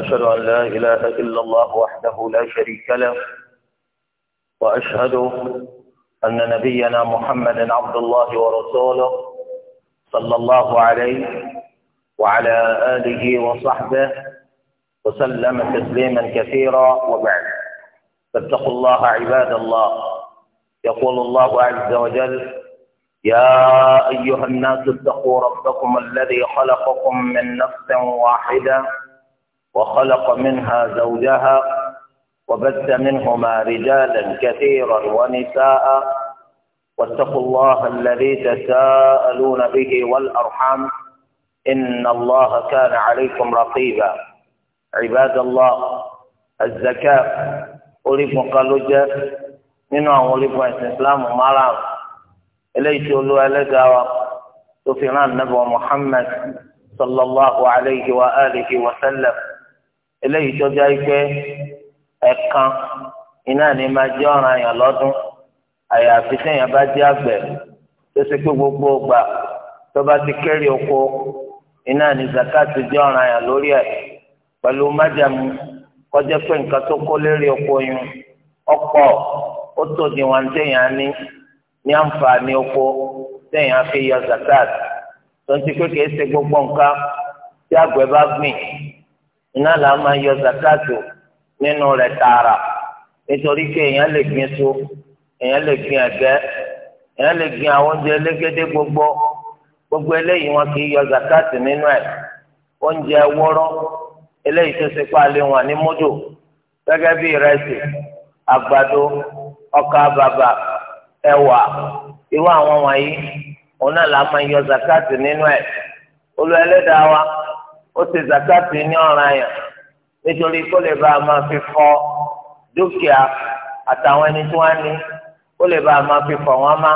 وأشهد أن لا إله إلا الله وحده لا شريك له وأشهد أن نبينا محمد عبد الله ورسوله صلى الله عليه وعلى آله وصحبه وسلم تسليما كثيرا وبعد فاتقوا الله عباد الله يقول الله عز وجل يا أيها الناس اتقوا ربكم الذي خلقكم من نفس واحدة وخلق منها زوجها وبث منهما رجالا كثيرا ونساء واتقوا الله الذي تساءلون به والأرحام إن الله كان عليكم رقيبا عباد الله الزكاة أوليف قلوجة من أوليف الإسلام مرام إليس أولو ألدى تفران نبو محمد صلى الله عليه وآله وسلم eléyìí tọ́jú àìpé ẹ̀kan iná ní máa jẹ́ ọ̀ràn àyàn lọ́dún àyàfi sẹ́yìn bá jẹ́ àgbẹ̀ tó ṣe pé gbogbo ọgbà tó bá ti kéré oko iná ní zakat jẹ́ ọ̀ràn àyàn lórí ẹ̀ pẹ̀lú májàmú kọjá pé nǹkan tó kó lérí oko yun ọ̀pọ̀ ó tó di wọn téèyàn ní ní àǹfààní oko téèyàn fi yọ zakat tó ń ti pé kìí ṣe gbogbo nǹkan tí àgbẹ̀ bá gbìn. iná la máa yọ zakato nínú rẹ̀ tààrà nítorí pé èèyàn lè gbin so èèyàn lè gbin èèyàn lè gbin àwọn oúnjẹ gbogbo gbogbo eléyìí wọn kì í yọ zakato nínú oúnjẹ wọ́rọ́ eléyìí tó ṣe pa wọn ní módò gẹ́gẹ́ bí ìrẹsì àgbàdo ọkà bàbà ẹ̀wà irú àwọn wọ̀nyí òun náà máa yọ zakato nínú olú wa. ó ṣe zakati ní ọ̀ràn yẹn nítorí kó lè bá a máa fi fọ́ dúkìá àtàwọn ẹni tí wọ́n ní kó lè bá a máa fi fọ́ wọn má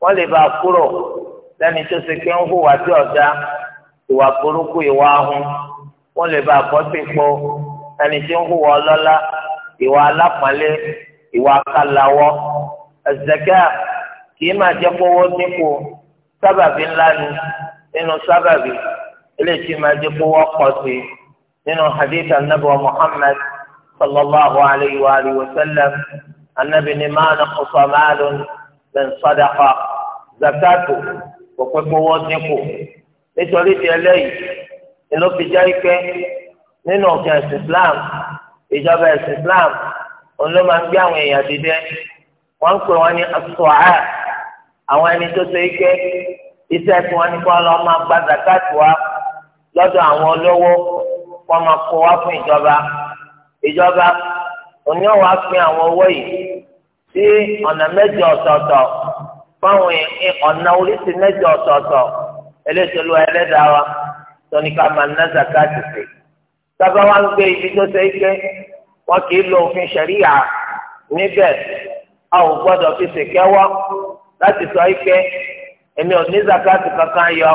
wọ́n lè bá a kúrò lẹ́ni tó ṣe pé ń hùwà tí ọ̀dá ìwà burúkú ìwà ahun wọ́n lè bá a bọ́ sí ipò ẹni tí ń hùwà ọlọ́lá ìwà alápọ̀nlé ìwà akálawọ́ ẹ̀zẹ̀kẹ́ kì í máa jẹ́ kówó dínkù sábàbí ńlá ni nínú sábàbí eléyìí máa jẹ́ kó wọ́pọ̀ sí nínú hadith anabi wa muhammad sallallahu alayhi wa alihi wa sallam anabi ni máa na kóso maalun lẹ́n sadaqa zakatu kò pé kó wọ́n dínkù nítorí ti eléyìí ni ló fi jẹ́ ike nínú òfin ẹ̀sìn islam ìjọba ẹ̀sìn islam òun ló máa ń gbé àwọn èèyàn dìde wọ́n ń pè wọ́n ní asọ́à àwọn ẹni tó ṣe ike iṣẹ́ tí wọ́n ní kó lọ́ọ́ máa gba zakatu wa lọ́dọ̀ àwọn olówó wọ́n máa kó wá fún ìjọba ìjọba òní ò wá pín àwọn owó yìí sí ọ̀nà mẹ́jọ ọ̀tọ̀ọ̀tọ̀ fáwọn ọ̀nà oríṣi mẹ́jọ ọ̀tọ̀ọ̀tọ̀ eléṣolú ẹlẹ́dàá wa tóní ká máa ná zakati sí. sábà wá ń gbé ibi tó ṣe é gbé wọn kì í lo òfin ṣẹ̀ríyà níbẹ̀ a ò gbọ́dọ̀ fi ṣèkẹ́wọ́ láti sọ é èmi ò ní zakati kankan yọ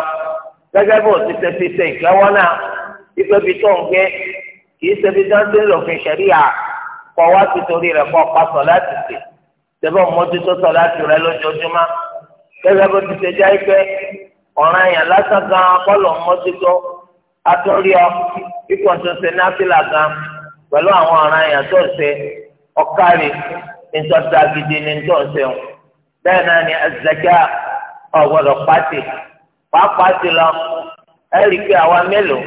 gẹ́gẹ́ bó ti ṣẹ̀fi ṣe ìkẹ́wọ́ náà ìfẹ́bi tó ń gbé kìí ṣẹ̀bi dáńtí lòfin ṣẹ̀ríà kọ́ wá ti torí rẹ̀ kọ́ pasọ̀ láti ṣe tẹ́fọ́ mọ́tútù sọ láti rẹ̀ lójoojúmọ́ gẹ́gẹ́ bó ti ṣe já ipẹ́ ọ̀ràn yẹn lásán gan kọ́lọ̀ mọ́tútù atọ́rí ọ ikọ̀ tó ṣe náfìlà gan pẹ̀lú àwọn ọ̀ràn yẹn tó ṣe ọ̀kárì nítorí agidi ní tó ṣe bẹ́ẹ̀ náà ni az-zakat ọ̀gbọ́dọ̀ pàtì pàápàá jùlọ ẹ rí i pé àwa mélòó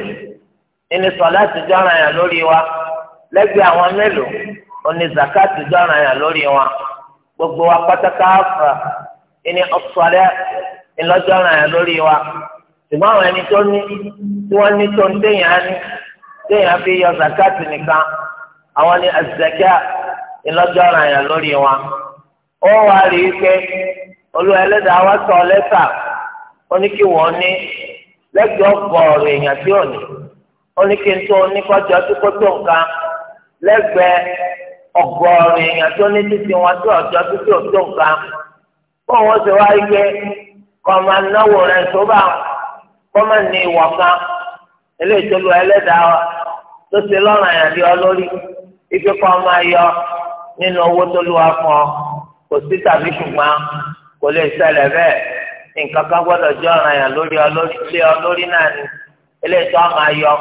nínú sọlá ti jọra yàn lórí wa lẹ́gbẹ̀ẹ́ àwọn mélòó òní zakati jọra yàn lórí wa gbogbo wa pátákáfà ìní ọ̀sọ̀rẹ́ ìlọ́jọ́ra yàn lórí wa ṣùgbọ́n àwọn ẹni tó ní tí wọ́n ní tó ń déyàn á ní déyàn fi yọ zakati nìkan àwọn ni azẹkẹ́ ìlọ́jọ́ra yàn lórí wa ó wá rí i pé olú ẹlẹ́dàá wa sọ lẹ́tà. wọ́n ní kí wọ́n ní lẹ́gbẹ̀ẹ́ ọ̀pọ̀ ọ̀rọ̀ èèyàn tí ò ní wọ́n ní kí n tó ní kọjá tó kó tó nǹkan lẹ́gbẹ̀ẹ́ ọ̀gọ̀ọ̀rọ̀ èèyàn tó ní títí wọn tó ọjọ́ tó tó tó nǹkan fún wọn ṣe wáyé pé kọ́ máa náwó rẹ̀ tó kan eléyìí tó lu ẹlẹ́dàá tó ṣe lọ́rùn ọ lórí ife kọ́ yọ nínú owó tó lu wa fún ọ kò sí tàbí ṣùgbọ́n kò lè ṣẹlẹ̀ nǹkan kan gbọ́dọ̀ jẹ́ ọ̀ràn yàn lórí ilé ọlórí náà ni eléyìí tó máa yọ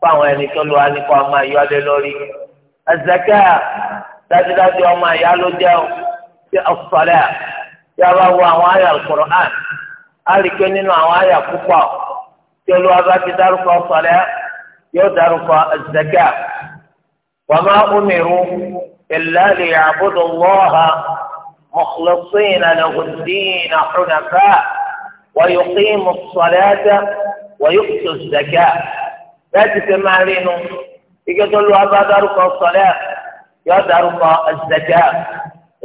fún àwọn ẹni tó lu wa máa yọ lé lórí. àzàkà dájúdájú ọmọ àyà ló jẹ́ o tí ọ̀sọ̀rẹ́ à tí a bá wo àwọn àyà á rí i pé nínú àwọn àyà púpọ̀ tí olúwa bá ti مخلصين له الدين حنفاء ويقيم الصلاة ويؤتوا الزكاة لا تسمع لهم يقول له أبا دارك الصلاة يا دارك الزكاة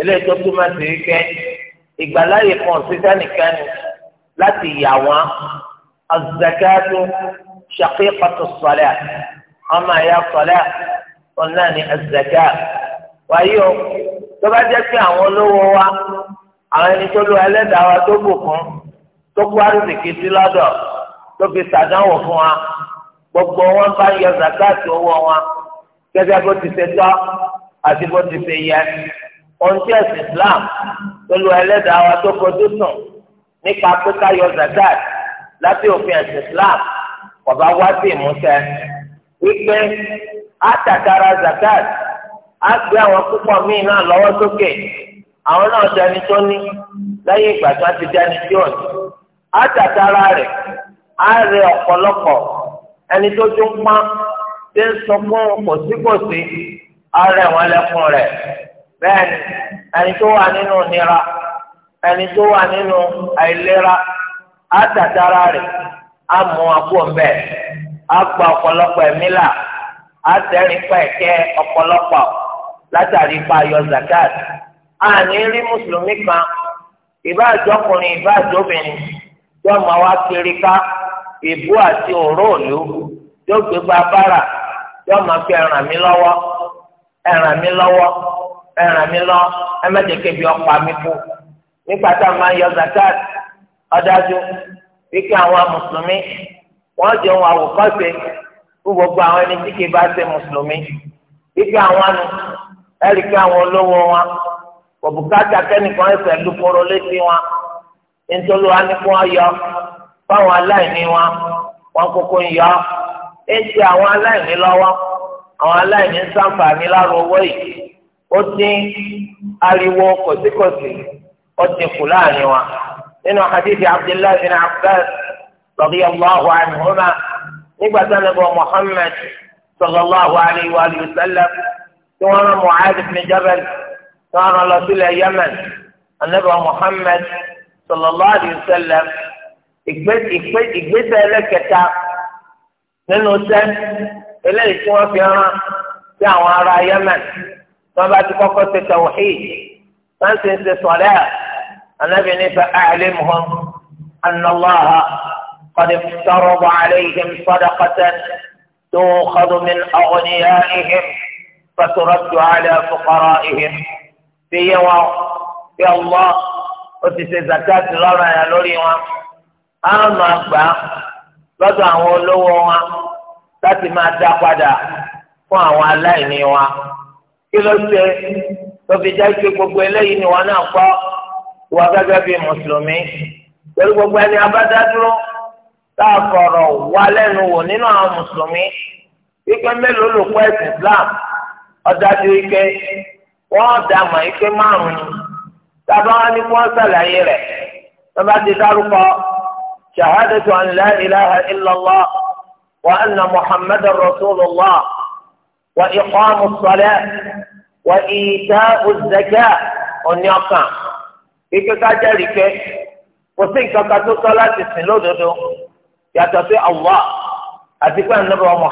إلي تسمع فيك يقول لا يقول ستاني كان لا تيعوى الزكاة شقيقة الصلاة أما يا صلاة قلناني الزكاة وأيوه tó bá jẹ́ pé àwọn olówó wa àwọn ẹni tó lo ẹlẹ́dàá wa tó bùkún tó kó àrùsìkì sí lọ́dọ̀ tó fi ṣàdánwò fún wa gbogbo wọn bá yọ zakati owó wọn gẹ́gẹ́ bó ti ṣe tọ́ àti bó ti ṣe yẹ ohun tí ẹ̀sìn Islam tó lo ẹlẹ́dàá wa tó kojú sùn nípa pé ká yọ zakati láti òfin ẹ̀sìn Islam kò bá wá sí ìmúṣẹ wípé àtàkàrà zakati á gbé àwọn púpọ̀ míì náà lọ́wọ́ sókè àwọn náà dání tó ní lẹ́yìn ìgbà tó ti dání tí ò ní. á tàtàrà rẹ̀ á rẹ ọ̀pọ̀lọpọ̀ ẹni tó tún pọ́n tí ń sọ fún kòsíkòsí á rẹ̀ lẹ́kùn rẹ̀ bẹ́ẹ̀ ni ẹni tó wà nínú nira ẹni tó wà nínú àìlera á tàtàrà rẹ̀ á mú àpò ńbẹ á gba ọ̀pọ̀lọpọ̀ ẹ̀mí là á pẹ̀kẹ́ ọ̀pọ̀lọpọ̀. látàrí ipa ayọ zakat àní rí mùsùlùmí kan ìbá àjọkùnrin ìbá tí máa wá kiri ìbú àti òró òlú tí ó gbé gba bára tí máa fi ẹràn mi lọwọ ẹràn mi ẹràn mi lọ ẹmẹjẹkẹ bí ọpa mi tá a máa yọ zakat ọdájú àwọn mùsùlùmí wọn jẹ ẹ̀rí kí àwọn olówó wa òbúkátà kẹ́nìkan ẹ̀fẹ̀ lukoro létí wa nítorí wa ní kí wọ́n yọ fáwọn aláìní wa wọ́n kókó ń yọ ẹ̀ ń ṣe àwọn aláìní lọ́wọ́ àwọn aláìní ń sàǹfààní lára owó yìí ó dín ariwo kòsíkòsí ó dín kù láàrin wa nínú hadithi abdullahi bin abbas radiyallahu anhuma nígbà tí a nàbọ̀ muhammad sallallahu alayhi wa sallam. tí wọ́n rán Mu'adh ibn Jabal tí wọ́n rán lọ sílẹ̀ Yemen anabi Muhammad sallallahu alayhi wa sallam ìgbésẹ̀ ẹlẹ́kẹta nínú sẹ́ eléyìí tí wọ́n fi rán sí àwọn ará Yemen tí wọ́n bá ti kọ́kọ́ ṣe tawhid wọ́n sì ń ṣe sọ̀rẹ́ anabi ní fa a'limhum anna Allah qad iftarada alayhim sadaqatan tu'khadhu min aghniyaihim. فترد على فقرائهم في يوم يا الله وتسي زكاة لنا يا لوري أما أبا lọ́dọ̀ àwọn olówó wa láti máa dá padà fún àwọn aláìní wa kí ló ṣe tó fi jẹ́ pé gbogbo eléyìí ni wọn náà kọ́ wọ gẹ́gẹ́ bíi mùsùlùmí pẹ̀lú gbogbo ẹni abádádúró tá a fọ̀rọ̀ wá lẹ́nu wò nínú àwọn mùsùlùmí wípé mélòó ló kọ́ ẹ̀sìn Islam ọdájú ike wọ́n dà mọ̀ ike márùn ni tábà wọn ni kí wọ́n sàlàyé rẹ̀ tábà ti dárúkọ shahadatu an la ilaha illallah wa anna muhammadu rasulillah wa iqamu salat wa ita'u zakat òní ike ká jẹ́rìí kò sí nǹkan kan tó tọ́ láti sìn lódodo yàtọ̀ sí allah àti pé anabi wa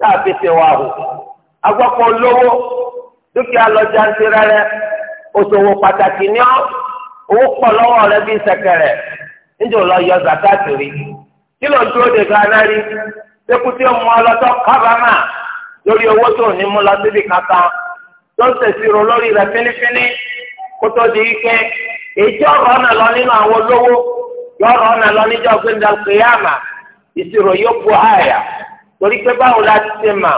tá a fi ṣe wà hù agbọ́pọ̀ lówó dúkìá lọ́jà ń tirẹ̀ rẹ̀ òṣòwò pàtàkì ní ọ́ owó pọ̀ lọ́wọ́ rẹ̀ ọrụ sẹ̀kẹ̀rẹ̀ níjẹ́ ò lọ yọ zakati rí kí ló ń dúró de rí ọmọ kábàámà lórí owó tó ní mú lọ síbi tó ń lórí rẹ̀ fínífíní kó tó di torí pé báwo la ti ṣe mà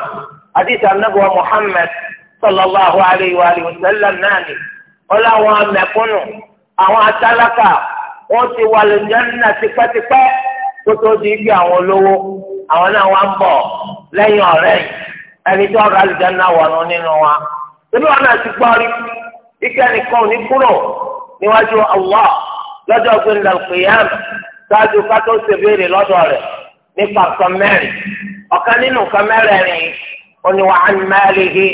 àdìsí anábọ̀ Muhammad sallallahu alayhi wa sallam náà ni ọláwọn amẹ̀kúnnù àwọn atálákà wọ́n ti wà lójánná tipẹ́tipẹ́ kó tó di ibi àwọn olówó àwọn náà wà ń bọ̀ lẹ́yìn ọ̀rẹ́ yìí ẹni tó ọ̀rọ̀ nínú wa ebi wọn náà ti gbọ́ rí ike nìkan kúrò níwájú lọ́jọ́ Ọkaninu nínú nǹkan mẹ́rẹ̀ẹ̀rin oníwà wa an malihi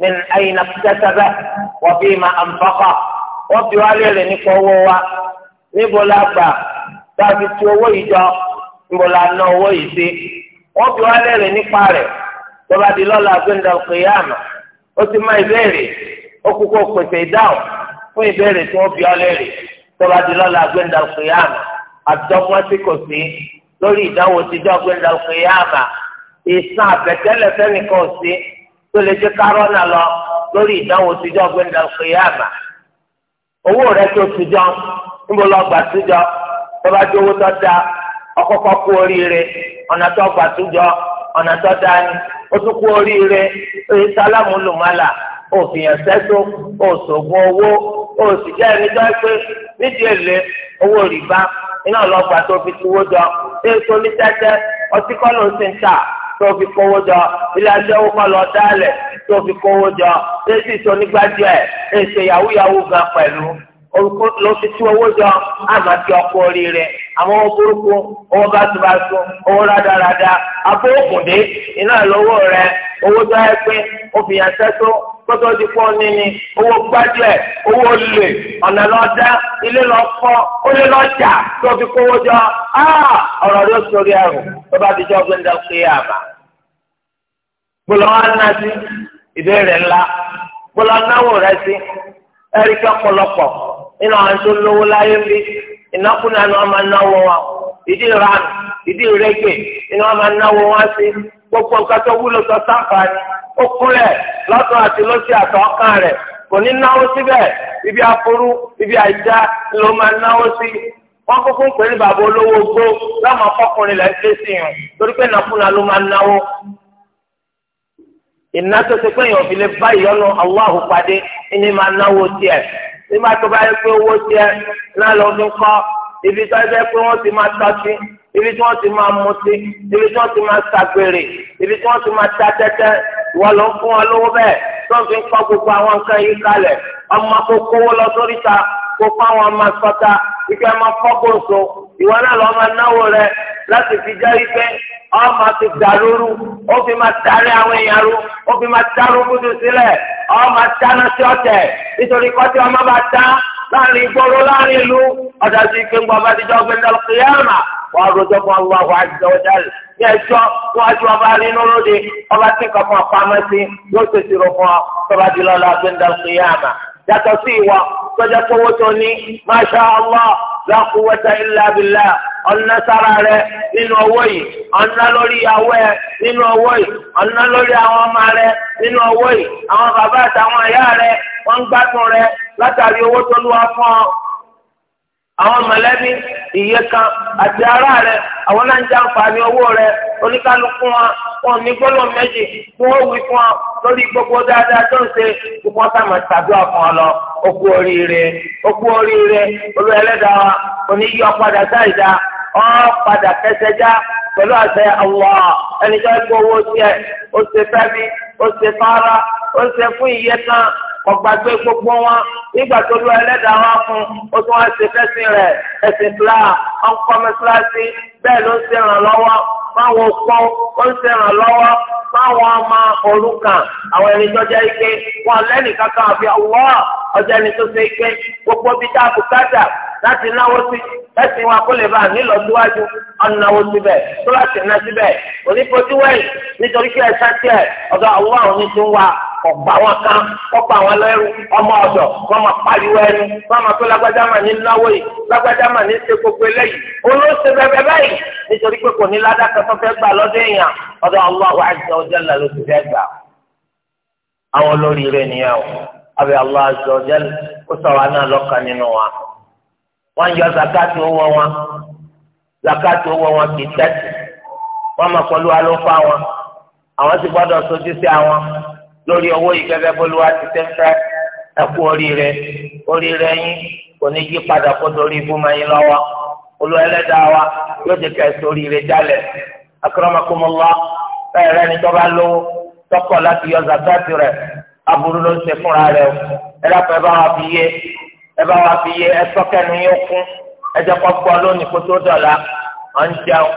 na ayna iktasaba wa fima anfaqa wọ́n fi wá nípa owó wa níbo la gbà tá owó yìí jọ níbo la owó yìí sí nípa rẹ tọba di lọla gbẹ̀ndà ó ti má ìbéèrè ó kúkú pèsè ìdáhùn fún ìbéèrè tí di kò sí lórí ìdánwò tíjọ́ ìsàn àbẹ̀tẹ́lẹ̀ fẹ́nìkan sí tó lè jẹ́ kárọ́nà lọ lórí ìdánwò tìjọ́ gbẹ̀ndà kìyàmà owó rẹ tó tìjọ́ níbo lọ gbà tìjọ́ tó bá owó tó da ọkọ̀kọ̀ kú oríire ọ̀nà tó gbà tìjọ́ ọ̀nà tó da ni ó tún kú oríire èyí sálámù lùmọ́là òfìyàn sẹ́tò òṣògùn owó òsì ẹni tó pé nídìí èlé owó rìbá iná ọlọ́gbà tó fi jọ ní tẹ́tẹ́ ọtí kọ́ tó fi kówó jọ ilé aṣẹ́wó kan lọ dálẹ̀ tó fi kówó jọ èsì tó nígbàjẹ́ èsì yahoo yahoo gan pẹ̀lú orúkọ lọ sí tí owó jọ àmà tí ọkọ orí rẹ àwọn owó burúkú owó báṣubàṣu owó rádaràda abó òkùndé iná lọ́wọ́ rẹ owó tó ẹ pé obìnrin àtẹ́tọ́ gbọ́dọ̀ di fún ọní ni owó gbájúẹ̀ owó lè ọ̀nà lọ́dá ilé lọ́kọ́ olè lọ́jà tó fi kówó jọ ah! ọ̀rọ̀ rẹ sórí ẹrù tó bá ti jọ gbẹ́ndà pé àbá. gbọ́dọ̀ wá ná ìbéèrè ńlá gbọ́dọ̀ náwó rẹ sí ẹ̀ríkà pọ̀lọpọ̀. nínú àwọn tó lówó láyé bí ìnákúnà ni wọ́n máa náwó wa ìdí ìranù ìdí ìrẹ́gbẹ̀ ni wọ́n máa náwó wa sí gbogbo wúlò tó sáfà ni ó kúnlẹ̀ lọ́tọ̀ àti lọ́sí àtọ̀ọ́kàn rẹ̀ kò ní náwó ibi ibi máa náwó sí wọn kúkú ń pè ní bàbá olówó gbó láwọn lẹ ń sí yàn torí pé ló máa náwó lè bá ìyọnu ẹni máa nígbà tó bá yẹ pé owó tiẹ̀ náà lọ fi kọ́ ibi tó yẹ pé wọ́n ti máa tọ́sí ibi tí wọ́n ti máa mutí ibi tí wọ́n ti máa ṣàgbèrè ibi tí wọ́n ti máa ta tẹ́tẹ́ wọ́n lọ fún wọn lówó bẹ́ẹ̀ tó ń fi kọ́ gbogbo àwọn nǹkan yìí kalẹ̀ ọmọ kó kówó lọ sórí ta kó fún àwọn ọmọ sọ́ta ìgbà máa fọ́ gbòǹso ìwọ náà lọ́ọ́ máa náwó rẹ láti fi jẹ́ ipẹ́ ọmọ ti dàlúrú ó fi máa tarí àwọn èèyàn rú ó fi máa tarú kúndùn sílẹ̀ ọmọ táná sí ọ̀tẹ̀ nítorí kọ́tí ọmọ bá tá láàrin ìgboro láàrin ìlú ọ̀dà sí ike ńgbọ́n ti jọ rojọ́ fún ní ẹjọ́ ọba nínú lóde ọba tí ọ tọ́ba lọ́la tọ́jà tọwọ́ tó ní masha allah la quwwata illa billah ọ̀nà sára rẹ nínú ọwọ́ yìí ọ̀nà lórí ìyàwó ẹ nínú ọwọ́ yìí ọ̀nà lórí àwọn ọmọ rẹ nínú ọwọ́ yìí àwọn bàbá àtàwọn ìyá rẹ wọ́n ń gbádùn rẹ látàrí owó tó lù wá fún ọ àwọn mọ̀lẹ́bí ìyẹ́ kan àti ará rẹ̀ àwọn náà ń jàǹfààní owó rẹ oníkálukú wọn wọn ní gbọ́dọ̀ méjì fún òwì fún wọn lórí gbogbo dáadáa tó ń ṣe gbogbo sàmà tàdúrà fún ọ lọ okú oríire okú ọ padà kẹsẹ̀ já pẹ̀lú àṣẹ Allah ẹnìjọ́ ẹ̀kọ́ owó tiẹ̀ ó ṣe fẹ́mi ó ṣe fara ó ṣe fún iye kan ọgbàgbé gbogbo wọn nígbà tó lu ẹlẹ́dàá wọn fún ó tún wá ṣe fẹ́sìn rẹ̀ fúlà ló báwọn kọ́ ó lọ́wọ́ báwọn ọmọ òrukàn àwọn ẹni tó jẹ́ ike wọn lẹ́nu kankan àfi ọwọ́ ọjọ́ ẹni tó ike gbogbo bíi tá a kò kájà láti náwó sí ẹ̀sìn wa kó lè bá a nílọsíwájú ọ̀nàwó síbẹ̀ tó láti síbẹ̀ nítorí kí ọ̀gbà wọn kan ọ̀gbà wọn lẹ́rú ọmọ ọ̀dọ̀ kọ́ máa pariwo ẹnu kọ́ máa tó lágbájá mà ní náwó yìí lágbájá mà ní ṣe gbogbo eléyìí olóṣè bẹ́ẹ̀ báyìí nítorí pé kò ní ládàkẹ́ tó fẹ́ gbà lọ́dọ̀ èèyàn ọ̀dọ̀ Allahu azza wa jalla ló ti fẹ́ gbà. àwọn olórí rẹ nìyẹn o àbí Allahu azza wa jalla kó sọ wa náà lọ́kàn nínú wa wọ́n yọ zakati owó wọn zakati owó wọn kì í tẹ́tì wọ́n máa pẹ̀lú alófa wọn àwọn sì gbọ́dọ̀ sojú sí àwọn lórí owó yìí gẹ́gẹ́ bólúwa ti tẹ́ńtà ẹ̀kú oríire oríire yín kò ní yí padà kó dorí ibùmọ̀ yín lọ́wọ́ olú ẹlẹ́dàá wa yóò ti kẹ́sì oríire jálẹ̀ akramakumullah bẹ́ẹ̀ rẹ ni tọ́ba lówó tọkọ̀ láti yọ zakati rẹ̀ aburú ló ń ṣe fúnra rẹ̀ o ẹ dákun bá wa fi yé ẹ bá wa fi yé ẹ sọ́kẹ́nu yín kún ẹ jẹ́ kó gbọ́ lónìí kó tó dọ̀la ọ̀ ń jẹun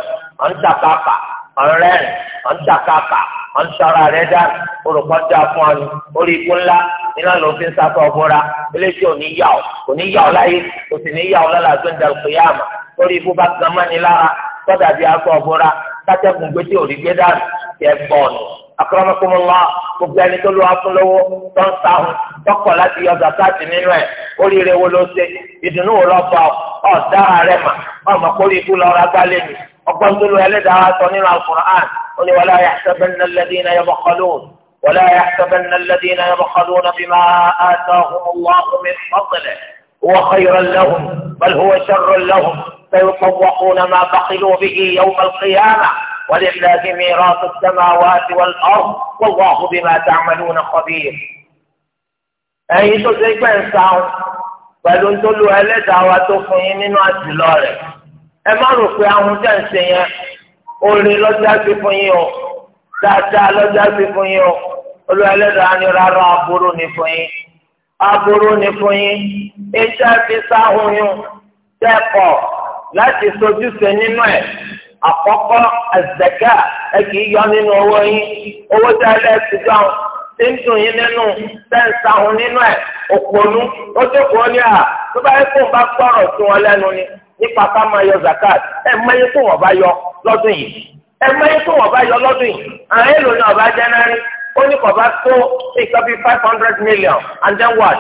ọ̀ ń takaka ọ̀ ọ̀ ń sọ̀rọ̀ rẹ̀ dá orúkọ dá fún ọ ni orí ikú ńlá iná ló fi ń sáfọ́ ọ̀bọ̀ra eléyìí ò ní yà ọ́ kò ní yà ọ́ láyé kò sì ní yà ọ́ lọ́la tó ń da òkè yá àmà orí ikú bá gan mọ́ni lára tọ́jà bí aṣọ ọ̀bọ̀ra kátẹ́kùn gbé tí ò rí gbé dànù tẹ́ bọ́ọ̀nù akọrọmọkọmọlá gbogbo ẹni tó lọ afúnlọwọ tó ń sáhùn tọkọ láti yọ zakati nínú ẹ oríire wo ló ṣe ìdùnnú wo lọ bọ ọ dára rẹ mà ọmọ kórìí lọ ra gbálẹ ni ọgbọ́n tó lu ẹlẹ́dàá wa sọ nínú alukur'an ó ní wàlá yàtọ̀bẹ́nà lẹ́dínà yẹ bọ́kọ́lùn wàlá yàtọ̀bẹ́nà lẹ́dínà yẹ bọ́kọ́lùn bí ma àtàkùnmọ́láhùn mi fọ́tẹ̀lẹ̀ wọ́n xeyìrán lẹ́hùn bal huwa sharrun lẹ́hùn bẹ́ẹ̀ kọ́wọ́kùnà máa bàkìlú bíi yawm alqiyama ولله ميراث السماوات والأرض والله بما تعملون خبير ẹ̀yin tó ṣe pẹ́ ń sáwọn pẹ̀lú tó lu ẹlẹ́dàá wa tó fún yín nínú àtìlọ́ rẹ̀ ẹ má rò pé àwọn tẹ̀ ń ṣe yẹn oore lọ́jà sí fún yín o dáadáa lọ́jà sí fún yín o olúwa ẹlẹ́dàá ni rárá aburú ni fún yín aburú ni fún yín iṣẹ́ ti sáhùn yín tẹ́kọ̀ láti sojúṣe nínú ẹ̀ àkọ́kọ́ ẹ̀zẹ̀kẹ́ ẹ kì í yọ nínú owó yín owó tẹ́ ẹlẹ́sìdọ́ tí ń dùn yín nínú tẹ́ ń sáhùn nínú ẹ̀ òpònú ó jókòó ní à tó bá yẹ kó ń bá gbọ́rọ̀ sí wọn lẹ́nu ni nípa ká máa yọ zakat ẹ mẹ́yẹ tó wọ́n bá yọ lọ́dún yìí ẹ mẹ́yẹ tó wọ́n bá yọ lọ́dún yìí àwọn èlò ni ọba jẹ́nẹ́rì ó ní kọ̀ bá tó nǹkan bíi five hundred million and then what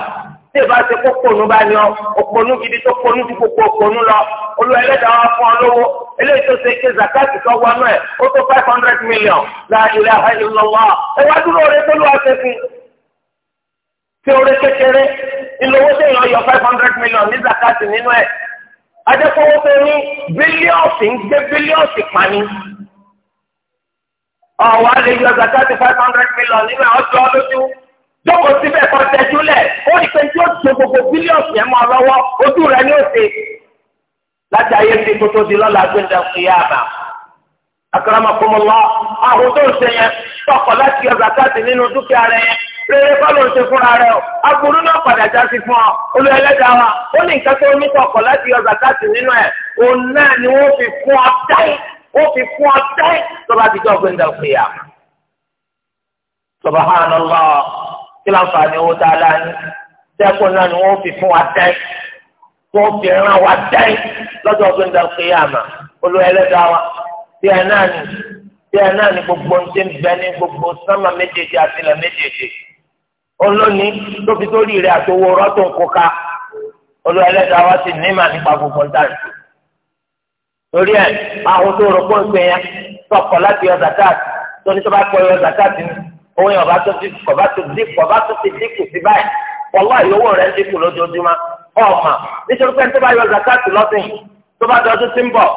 tí ìbá ṣe kó kónú bá ní ọ òpónú gidi tó kónú ju gbogbo òpónú lọ olú ẹlẹ́dàá wa fún ọ lówó eléyìí tó ṣe ké zakati tó wọnú ẹ ó tó five hundred million la ilaha illallah ẹ wá dúró oore tó ló wá ṣe fún tí oore kékeré ìlówó tó yàn yọ five hundred million ní zakati nínú ẹ adẹ́kọ̀wọ́ tó ní bílíọ̀sì ń gbé bílíọ̀sì pani. ọ̀wọ́ alẹ́ yọ zaka ti five hundred million nínú ọjọ́ lójú jókòó síbẹ̀ kan tẹ́júlẹ̀ ó ní pé tí ó ṣe gbogbo bílíọ̀sì yẹn mọ́ lọ́wọ́ ojú rẹ̀ ni ó ṣe láti ayé ti tuntun di lọ́la gbẹ̀dẹ̀ fìyàmà. akaramakumullah àhùn tó ń ṣe yẹn tọkọ láti yọ zaka ti nínú dúkìá rẹ̀ yẹn rere kọ́lọ̀ ń ṣe fúnra rẹ o aburú náà padà já sí fún ọ olú ẹlẹ́dàá wa ó ní nǹkan tó ní kọ̀kọ̀ láti yọ zakati nínú ẹ̀ òun náà ni wọ́n fi fún ọ tẹ́ wọ́n fi fún ọ tẹ́ tó bá ti jọ pé ń dà fún yà. subhanallah kí láǹfààní owó tá a lá ní sẹ́kùn náà ni wọ́n fi fún wa tẹ́ wọ́n fi ràn wá tẹ́ lọ́jọ́ pé ń dà fún yà mà olú ẹlẹ́dàá wa bí ẹ náà ni bí ẹ náà ni gbogbo ń ti bẹ ní gbogbo sánmà méjèèjì àtìlẹ̀ méjèèjì olóni tó fi tó rí rẹ àtòwò rọtò kọka olú ẹlẹ́dàá wá sí nímà nípa gbogbo ntàrí torí ẹ àwọn tó rò pọ́ǹpẹ́ yẹn tọkọ láti yọ zakat tó ní tó bá kọ́ yọ zakat ni owó yẹn ọba tó ti kọ̀bá tó ti kọ̀bá tó ti dínkù sí báyìí wọ́lá ìyówó rẹ̀ ń dínkù lójoojúmọ́ ọ̀ma nítorí pé tó bá yọ zakat lọ́sìn tó bá dọ́dún sí ń bọ̀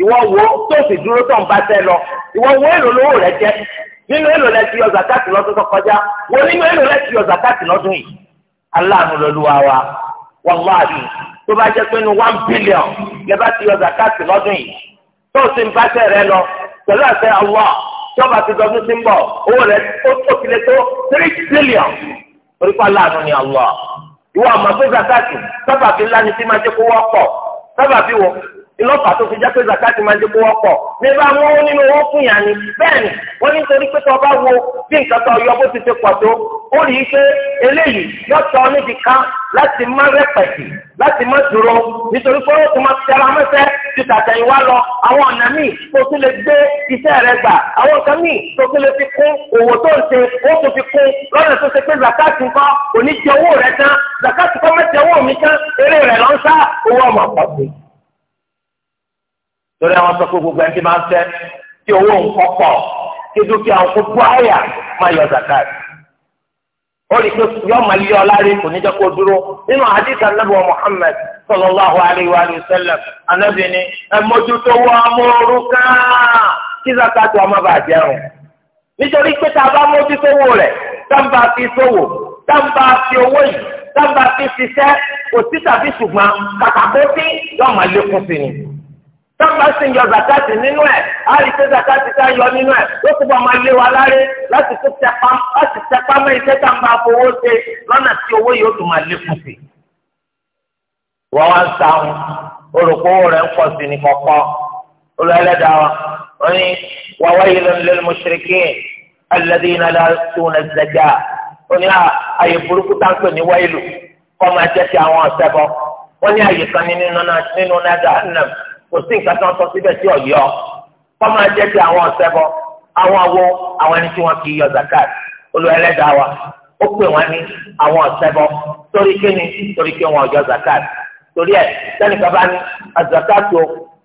ìwọ wo tó sì dúró tó ń bá tẹ lọ ìwọ wo èrò lówó rẹ̀ jẹ́ nínú èlò lẹ ti yọ zakati lọ́dún tó kọjá wọ́n nínú èlò lẹ ti yọ zakati lọ́dún yìí aláàánú lọ́lúwa wa wàláàbí tó bá jẹ́ pé nu one billion lẹ bá ti yọ zakati lọ́dún yìí tó o sì ń bá tẹ̀ rẹ lọ pẹ̀lú àṣẹ Allah tó bá ti dọ́dún sí ń bọ̀ owó rẹ ó ti lè tó three billion orípa aláàánú ni Allah ìwọ àmọ́ pé zakati sábàbí ńlá ni tí máa jẹ́ kó wọ́pọ̀ sábàbí wo ìlọ́pàá tó fi jẹ́ zakati máa ń dẹ́kun wọ́pọ̀ nígbà wọn nínú wọn fún yàn ni bẹ́ẹ̀ ni wọ́n nítorí pé tó bá wo bí nǹkan tó yọ bó ti ṣe pọ̀ tó ó rí i pé eléyìí yọ̀tọ̀ níbi kan láti má rẹpẹ̀tì láti má dúró nítorí pé ó tún máa tẹra mẹ́sẹ̀ ti tàtẹ̀yìnwá lọ àwọn ọ̀nà míì tó tún lè gbé iṣẹ́ rẹ gbà àwọn nǹkan míì tó tún lè fi kún òwò tó ń ṣe ó tún fi kún lọ́nà tó ṣe pé zakati nǹkan kò ní jẹ owó rẹ tán zakati kọ́ mẹ́tẹ̀ owó mi tán eré rẹ̀ lọ́n owó ọmọ pọ̀ sí i torí àwọn sọ pé gbogbo ẹni tí máa ń fẹ́ tí owó nǹkan pọ̀ tí dúkìá nǹkan bú àyà máa yọ zakat ó rí i pé yọọ máa yọ lárí kò ní jẹ́ kó dúró nínú àdìsá nàbọ̀ Muhammad sallallahu alayhi wa sallam anábì ni ẹ mójútó wọ amóoruká kí zakat wa má bàa jẹun nítorí pé tá a bá mójútó wọ rẹ̀ tá n bá fi sówò tá n bá fi owó yìí tá n bá fi ṣiṣẹ́ kò sí tàbí ṣùgbọ́n kàkàkó sí yọọ máa lékún sí ni tọ́pọ̀ sì ń yọ zakati nínú ẹ̀ á rí pé zakati tá a yọ nínú ẹ̀ ó túbọ̀ máa lé wa láré láti tó tẹpá láti tẹpá mẹ́ iṣẹ́ tá a máa fowó ṣe lọ́nà tí owó yóò tún máa lékún sí. wọ́n wá ń sáwọn olùkówó rẹ̀ ń pọ̀ sí ní kọ̀ọ̀kan olùẹlẹ́dàá wa wọ́n ní wa waylun lil mushrikin alladhina la yu'tuna az-zakah ó ní àyè burúkú tá ní wáyé lò kọ́ máa jẹ́ sí àwọn ọ̀sẹ̀ bọ́ wọ́n ní àyè kan nínú náà nínú kò sí nǹkan tí wọ́n sọ síbẹ̀ tí ọ̀yọ́ kọ́ máa jẹ́ ti àwọn ọ̀sẹ́bọ àwọn awo àwọn ẹni tí wọ́n kì í yọ zakat olùẹlẹ́dàá wa ó pè wọ́n ní àwọn ọ̀sẹ́bọ torí kí ni torí kí wọ́n yọ zakat torí ẹ̀ sẹ́nìkan bá ní zakat o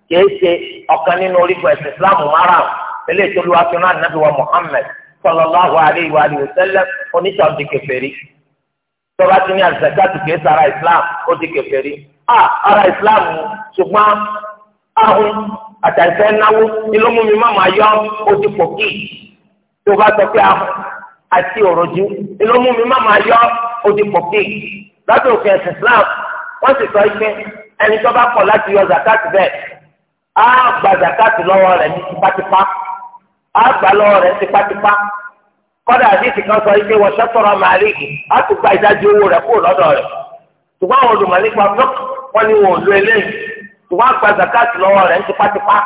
kìí ṣe ọ̀kan nínú orígun ẹ̀sìn Islam márùn-ún eléyìí tó lu akínú ànábì wa Muhammad sallallahu alayhi wa sallam onítàn di kèfèrí tọ́ba ti ní zakat kìí sara Islam ó di kèfèrí ah ara Islam ṣùgbọ́n Ahu àtàìfẹ́ náwó ilomu mú mi má máa yọ ojú pò kí tó bá sọ pé ahun àti òròjú inú mi má máa yọ ojú pò kí lábẹ́ òfin Islam wọ́n sì sọ pé ẹni tó bá kọ̀ láti yọ zakat bẹ́ẹ̀ á gba zakat lọ́wọ́ rẹ̀ ní tipátipá á gbà lọ́wọ́ rẹ̀ tipátipá kọ́dà àdìsí kan sọ pé wọ́n ṣẹ́tọ̀rọ̀ màálíkì á tún gba ìdájọ́ owó rẹ̀ kúrò lọ́dọ̀ rẹ̀ ṣùgbọ́n àwọn olùmọ̀lẹ́gbà wọn ni wọn ò lo eléyìí tó wá gba zakat lọ́wọ́ rẹ̀ ń tipátipá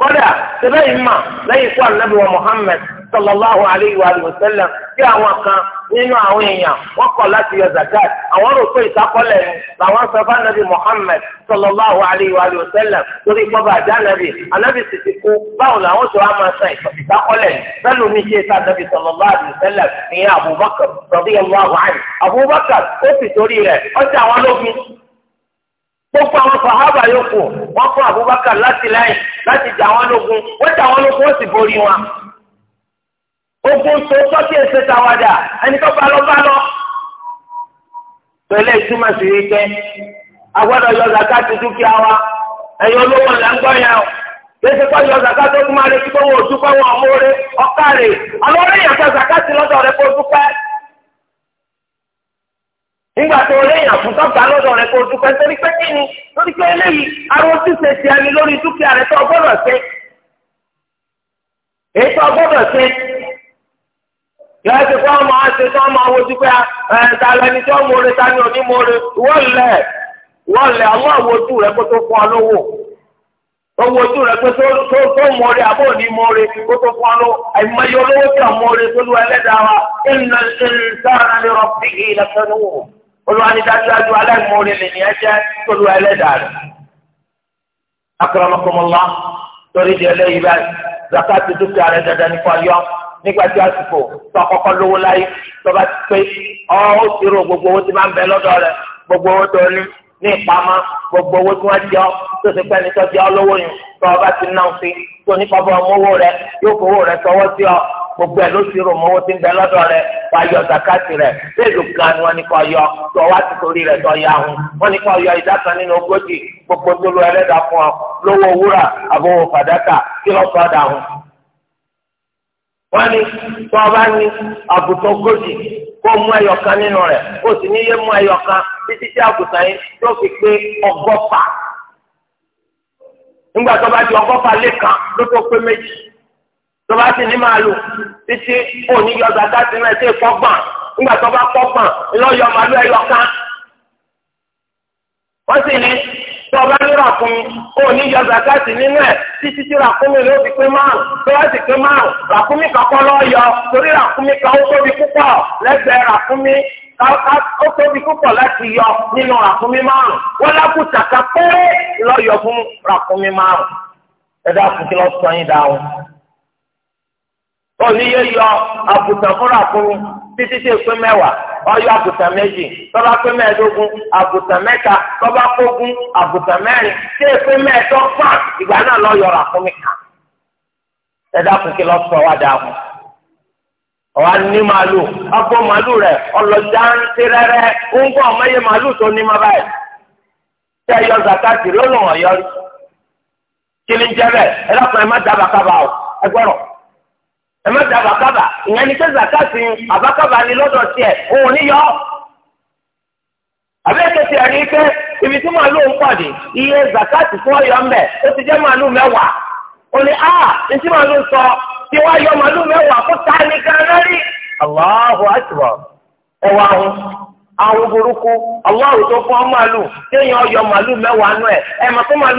kódà síbẹ̀ yìí mà lẹ́yìn ikú anabi wa muhammed sallallahu alayhi wa sallam tí àwọn kan nínú àwọn èèyàn wọ́n kọ̀ láti yọ zakat àwọn rò pé ìsákọ́lẹ̀ ni làwọn sọ fún anabi muhammed sallallahu alayhi wa sallam torí gbọ́dọ̀ àjá anabi anabi sì ti kú báwo làwọn sọ àmà sàn ìsákọ́lẹ̀ bẹ́ẹ̀ ni ṣe sá anabi sallallahu alayhi wa sallam ìyẹn abubakar radiyallahu anhu abubakar ó sì torí rẹ̀ ọjà àwọn lógún gbogbo àwọn sàhábà yòókù wọn fún Abubakar láti jà wọn wọ́n jà wọn sì borí wọn. ogun tó tọ́kì ẹ̀sẹ̀ tàwádà ẹni tó bá lọ bá lọ. pẹ̀lẹ́ ìtumọ̀ sí kẹ́ agbọ́dọ̀ yọ dúkìá wa ẹ̀yin olówó là ń gbọ́ yẹn o lẹ́sẹ̀ kọ́ yọ zakati ó kú máa retí pé wọ́n dúpẹ́ wọn yẹn lọ́dọ̀ kó dúpẹ́. nígbà tó léèyàn fún tọ́gbà lọ́dọ̀ rẹ̀ kó dúpẹ́ torí pé kí ni torí pé eléyìí arúgbó ṣíṣe ti ẹni lórí dúkìá rẹ̀ tó gbọ́dọ̀ ṣe èyí tó gbọ́dọ̀ ṣe yọ ẹsẹ fún ọmọ ẹsẹ fún ọmọ àwọn ojú pé ẹ ta lẹni tí wọn mọre ta ni òní mọre wọn lẹ wọn lẹ àwọn àwọn ojú rẹ̀ kó tó fún ọ lówó owó ojú rẹ̀ pé tó tó mọre àbó òní mọre kó tó fún ọ lówó olùwàní dájúdájú aláìmoore lè ní ẹjẹ tólú ẹlẹ́dàá rẹ̀. akramakumullah torí di ẹlẹ́yìí báyìí zakati dúkìá rẹ̀ dandan nípa yọ nígbà tí àsìkò tọkọkọ lówó láyé tọba ti pé ọ ó ti rò gbogbo owó tí máa ń bẹ gbogbo owó tó ní ní gbogbo owó tí ọ tó ti ọ lówó yìí ti náà fi tó nípa ọmọ owó yóò fowó gbogbo ẹ ló sì rò mọ́wó tí ń bẹ lọ́dọ̀ rẹ̀ wá yọ zakati rẹ̀ léèlú kan ni wọ́n yọ tó wá ti torí rẹ̀ tó ogójì gbogbo tó lo fún ọ lówó wúrà àbówó fàdákà kí wọ́n ní tó o bá ní ogójì kó mú nínú rẹ̀ kó o sì ní yé mú títí tí tọba sì ní màálù títí òní yọ gbàgbà sí náà ṣe fọgbọn nígbà tọba fọgbọn lọyọ màálù ẹyọ kan wọn sì ní tọba nírà fún òní yọ gbàgbà sí nínú ẹ títí tí ràkúnmí ló fi pé márùn tọba sì pé márùn ràkúnmí kakọ lọyọ torí ràkúnmí kan ó tóbi púpọ̀ lẹ́gbẹ̀ẹ́ ràkúnmí ó tóbi púpọ̀ láti yọ nínú ràkúnmí márùn wọn lákùtà ká péré lọyọ fún ràkúnmí márùn ẹ dákun kí lọ sọ yín dáhùn òní yóò yọ àgùntàn fúnra fúnru títí tí èpè mẹ́wàá ọyọ àgùntàn méjì tọ́ba pé mẹ́ẹ̀ẹ́dógún àgùntàn mẹ́ta tọ́ba kógún àgùntàn mẹ́rin tí èpè mẹ́ẹ̀ẹ́dọ́gbà ìgbà náà lọ yọra fún mi kàn. ẹ dákun kí lọ sọ wá dáhùn ọ̀wá ní màálù ọgbọ́ màálù rẹ̀ ọlọ́jà ń ti rẹ́rẹ́ ń gbọ́ ọmọye màálù tó ní ma báyìí. tẹ́ yọ zakati lọ́nà ọ̀yọ́ kí ni jẹ́ bẹ́ẹ̀ ẹ dákun ẹ má dábàá kábàá ẹ gbọ́rọ̀. ẹ má da àbákábà ìyẹn ni ni lọ́dọ̀ tiẹ̀ òun níyọ. àbẹ́ẹ̀kẹ́ ẹ̀rí ibi tí màálù ń pàdé iye zakati fún ọyọ ń ó ti màálù ó ní a ní tí màálù sọ tí yọ màálù mẹ́wàá kó ta ni gánà rí. Allahu ẹ wá àwọn burúkú tó fún ọ màálù ọyọ màálù ẹ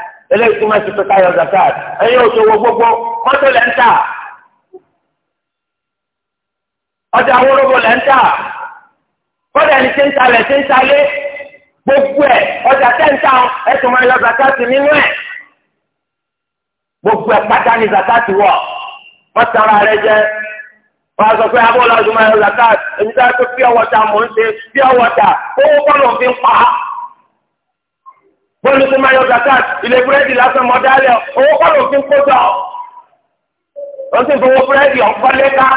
eléyìí tí wọ́n ti pẹ́ káyọ̀ zakat ẹ̀yin òṣòwò gbogbo mọ́tò lẹ́ ń tà ọjà wọ́rọ́bọ̀ lẹ́ ń tà kọ́dà ẹni tí ń talẹ̀ tí ń talẹ̀ gbogbo ẹ̀ ọjà tẹ́ ń tà ẹ̀sùn máa yọ zakat nínú ẹ̀ gbogbo ẹ̀ pátá ni zakat wọ̀ wọ́n tara rẹ jẹ wọ́n á sọ pé abọ́ ọ̀la ọdún máa yọ zakat èmi dáa tó pure water mò ń ṣe pure water owó kọ́ ló ń fi ń pa á. bọ́ọ̀lù tó máa yọ zakat ilé búrẹ́dì lásán mọ́ dálẹ̀ owó kọ́ ló fi ń kójọ. wọ́n ti fowó búrẹ́dì ọ̀nkọ́lé ká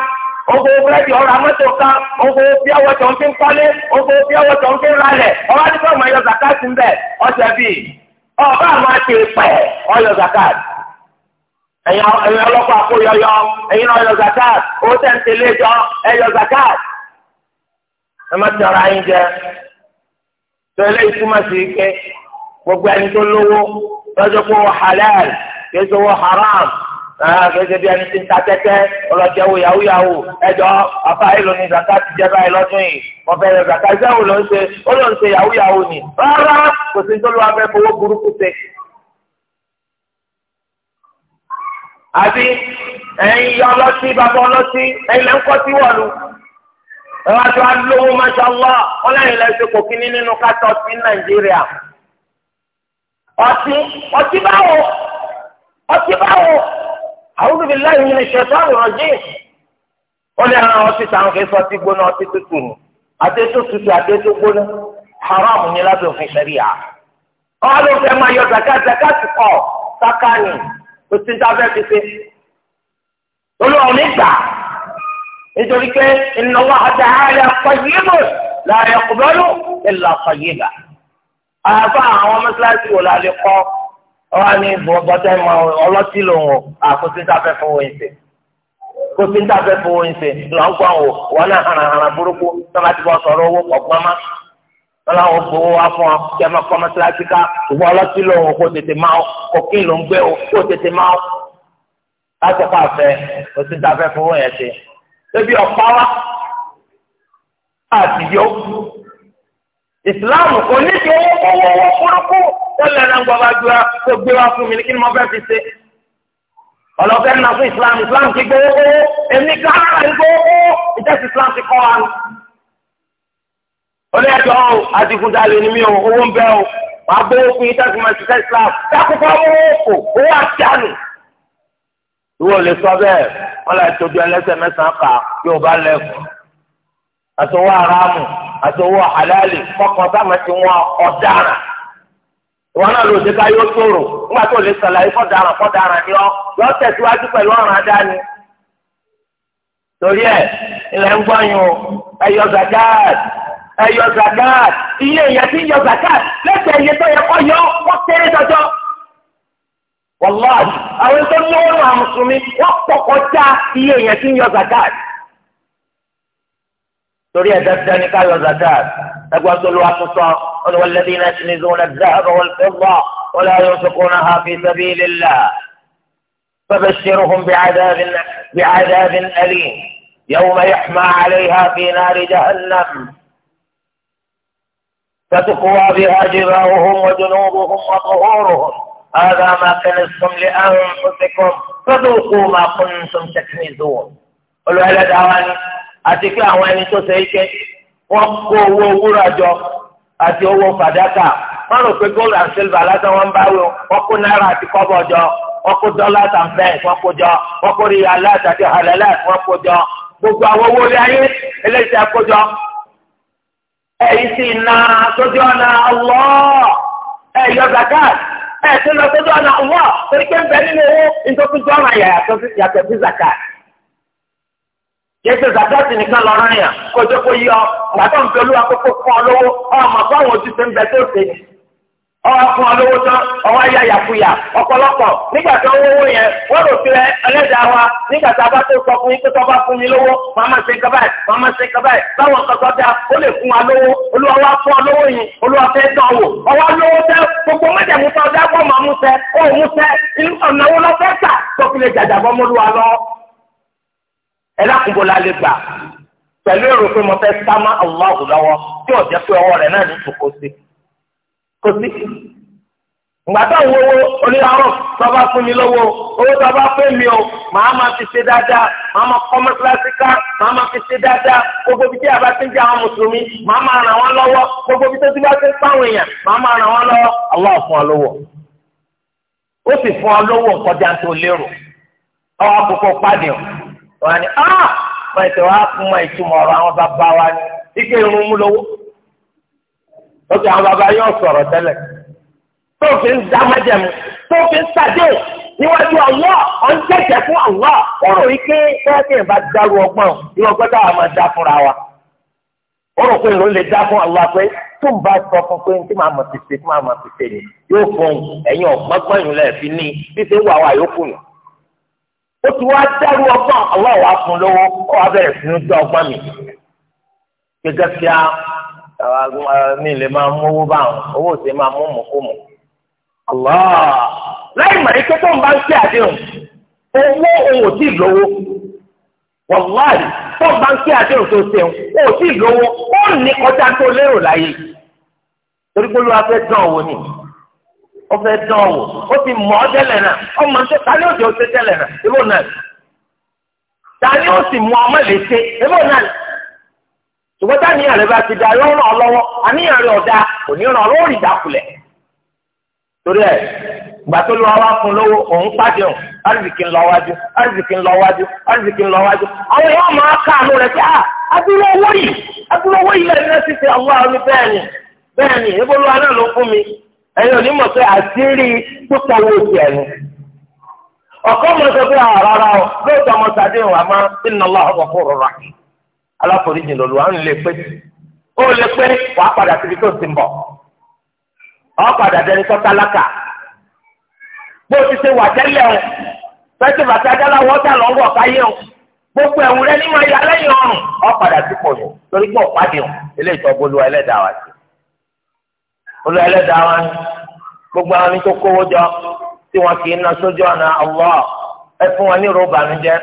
owó búrẹ́dì ọ̀rọ̀ amọ́tò ká owó bí ọwọ́ tó ń fi ń kọ́lé owó ọwọ́ tó ń fi ń ralẹ̀ ọba máa ti pẹ̀ ọyọ zakat ẹ̀yin ọlọ́pàá kó yọyọ ẹ̀yin ọyọ zakat owó tẹ̀ ń tẹ̀lé jọ ike gbogbo ẹni tó lówó lọ́jọ́ pé wọ́n halal kéṣe wọ́n haram kéṣe bí ẹni tí ń ta tẹ́tẹ́ ọlọ́jẹ́ wo yahoo yahoo ẹjọ́ bàbá yìí ló ní zaka ti jẹ́ báyìí lọ́dún yìí wọ́n fẹ́ yọ zaka iṣẹ́ wo ló ń ṣe ó ló ń ṣe yahoo yahoo ni rárá kò sí tó ló wá fowó burúkú ṣe. àbí ẹ̀yin yọ ọlọ́sí bàbá ọlọ́sí ẹ̀yin lẹ́ kọ́ sí wọ̀lú ẹ̀wọ̀n àti wàá lówó mashallah ọlọ́yin lẹ́sẹ̀ kò kíní nínú kátọ́ọ̀tì Nàìjíríà ọtí ọtí báwo ọtí báwo a'udhu billahi minash shaitanir rajim ó lè ran ọtí sàn kí sọtí gbóná ọtí tútù nù àti tó tútù àti tó gbóná haram ní lábẹ́ òfin ṣẹ̀ríà ọ̀hún ló fẹ́ máa yọ zakat zakat kọ̀ sákàní kò sí dábẹ́ títí olùwà onígbà nítorí pé inna Allaha ta'ala tayyibun la yaqbalu illa àfa àwọn mọ́sálásí wò la lè kọ́ wọ́n á ní bọ́tẹ́ mọ ọlọ́tí lòun o àkóṣíńtà fẹ́ fún wọn ṣe kóṣíńtà fẹ́ fún wọn ṣe lọ́n gbọ́n o wọn náà hànàhànà burúkú sábà ti bọ́ sọ̀rọ̀ owó ọ̀gbọ́n má wọn làwọn gbowó wá fún ọ kí ẹ máa kọ́ mọ́sálásí ká ṣùgbọ́n ọlọ́tí lòun o kó tètè máa kó kí ló ń gbé o kó tètè máa láti kọ́ àfẹ́ kóṣíńtà fẹ́ fún wọn yẹn ṣe ìsìláàmù kò ní ti owó owó owó kúrúkú ó lè na gbọba ju wa kó gbé wa fún mi ní kí ni mo fẹ́ fi ṣe ọlọ́fẹ́ nà fún ìsìláàmù ìsìláàmù ti gbowó owó èmi káàrà ń gbowó owó ìjẹ́sì ìsìláàmù ti kọ́ wa nù. ó ní ẹjọ́ o adigunjalè ni mí o owó ń bẹ o wàá gbowó fún yín tẹ́sí máa ṣiṣẹ́ ìsìláàmù dákúkọ́ owó kò owó àti àná. ìwọ lè sọ bẹ́ẹ̀ wọ́n lè tóbi ẹlẹ́sẹ̀ mẹ́sàn-án kà yóò bá lẹ́kọ̀ọ́ àtọwọ́ aráàmù àtọwọ́ àlálì kọ́kọ́ sáma ti wọ́n ọ̀daràn wọn náà lòdì ká yóò tóró nígbà tó lè sàlàyé kọ́daràn kọ́daràn ni ọ yọ tẹ̀síwájú pẹ̀lú ọ̀ràn adáni torí ẹ ilẹ̀ ń gbọ́yìn o ẹ yọ zakat ẹ yọ zakat iye èèyàn ti yọ zakat lẹ́sẹ̀ iye tó yẹ kọ́ yọ wọ́n kéré jọjọ wàláhì àwọn tó lówó náà mùsùlùmí wọ́n pọ̀ kọjá iye èèyàn ti yọ zakat. torí ẹ̀ dáadáa ní ká lọ zakat ẹgbẹ́ tó lu akutọ wọn wọlé bí iná ṣe ní zun náà dáhàbà wọn tó bọ̀ wọn lè yọ sọkún náà hafi sábì lílà bàbá ṣẹ́rù hùn bí àdáàbìn ẹ̀lì yàwó ma yàwùmá yàxmá àlẹ́ hafi náà rí jahannam. فتقوى بها جباههم وجنوبهم وظهورهم هذا ما كنزتم لأنفسكم فذوقوا ما كنتم تكنزون قلوا هل دعواني àti pé àwọn ẹni tó ṣe ọkụ ké wọ́n kó owó wúrà jọ àti owó fàdákà rò pé gold and silver lásán wọ́n bá kó náírà àti jọ wọ́n kó dọ́là and bẹ́ẹ̀ wọ́n kó jọ wọ́n kó riyalá àti kó gbogbo àwọn owó orí ayé eléyìí ti àkójọ ẹ̀yin sì na sójú ọ̀nà ọ̀wọ́ yẹtẹ zakati nìkan lọ́rọ̀ yẹn kọjọ kó yí ọ gbàtọ nfẹ olúwa kókó fún ọ lówó ọmọ fún àwọn ojúṣe ń bẹ tó ṣe jì ọwọ fún ọ lówó tán ọwọ ayé àyàfuyà ọpọlọpọ nígbà tó ń yẹn wọn wa nígbà a bá tó sọ fún yín pé bá fún mi lówó màmá ṣe nǹkan báyìí màmá ṣe nǹkan báyìí báwọn ọ yìí olúwa dán wò ọwọ tẹ gbogbo ẹ dákun bó la lè gbà pẹ̀lú èrò pé mo fẹ́ sámá Allahu lọ́wọ́ tí ò pé ọwọ́ rẹ̀ náà ní kò sí kò sí. ìgbà táwọn owó oníyàwó tọ́ba fún mi mi o màá ma fi ṣe dáadáa màá ma kọ́ mọ́sálásí màá ma fi ṣe dáadáa gbogbo ibi tí a bá ti ń jẹ ma ràn wọ́n lọ́wọ́ gbogbo ibi tó ti ń ma ràn wọ́n lọ́wọ́ Allah fún ọ wọ́n ni ah wọ́n ti wá fún ìtumọ̀ ọ̀rọ̀ àwọn bàbá wa ni ike irun mú lówó lókè àwọn bàbá yóò sọ̀rọ̀ tẹ́lẹ̀ tó fi ń dá tó fi ń sàdé níwájú ọ̀wọ́ ọ̀njẹ̀jẹ̀ fún ọ̀wọ́ ike kẹ́kẹ́ ìbá dárú ọgbọ́n ìwọ gbọ́dọ̀ àwọn máa dá fúnra wa pé lè dá fún ọ̀wọ́ pé tó ń bá sọ fún pé tí màá mọ̀ ti ṣe tí màá mọ̀ fún ọ̀gbọ́n ó ti wá dárú ọgbọ́n Allah wàá fún lówó ó wàá bẹ̀rẹ̀ sí ní dá ọgbọ́n mi. gẹ́gẹ́ bí a mi lè máa mú owó bá wọn owó sì máa mú mùkúmù. Allah láì mọ̀ ike tó ń bá ń ṣe àdéhùn owó òun ò tí ì lówó wàláì tó ń bá ń ṣe àdéhùn tó ṣeun òun ò tí ì lówó ó ní kọjá tó lérò láyé torí pé olúwa fẹ́ dán owó nìyí. ó dán ọ ó ti mọ̀ ọ́ tẹ́lẹ̀ náà ọmọ ta ni ó náà ebó náà ta ni ó sì ọmọ lè ṣe ebó náà ṣùgbọ́n bá ti da àníyàn rẹ ọ̀dà kò ní ràn ọ́ lọ́wọ́ ìdákulẹ̀ torí ẹ̀ gbà tó lọ wá fún lówó òun pàdé òun arzikì ń lọ wájú arzikì ń lọ wájú arzikì ń lọ wájú àwọn èèyàn máa ti ah, ṣe àwọn bẹ́ẹ̀ ni bẹ́ẹ̀ ni ebolo aná ló fún ẹ̀yin onímọ̀ pé àṣírí púpọ̀ wo ti ẹ̀nu. ọ̀kọ́ mọ̀ sọ pé àràrà ọ̀ ọmọ sàdé ọkọ̀ rọra lòlù à ń lè pé ó lè pé wàá padà síbi tó ti ń bọ̀. ọ̀ padà dẹni tó tálákà. bó ti ṣe wà tẹ́lẹ̀ o fẹ́tì bàtà dáná lọ́wọ́ o gbogbo ẹ̀wù rẹ ní máa yà lẹ́yìn ọrùn ọ̀ padà sípò torí pé ọ̀pá Ụlọ ẹlẹ́dàá wa gbogbo àwọn tó kówó jọ tí wọn kì í ná sójú ọ̀nà Allah ẹ fún wọn ní ròbà jẹ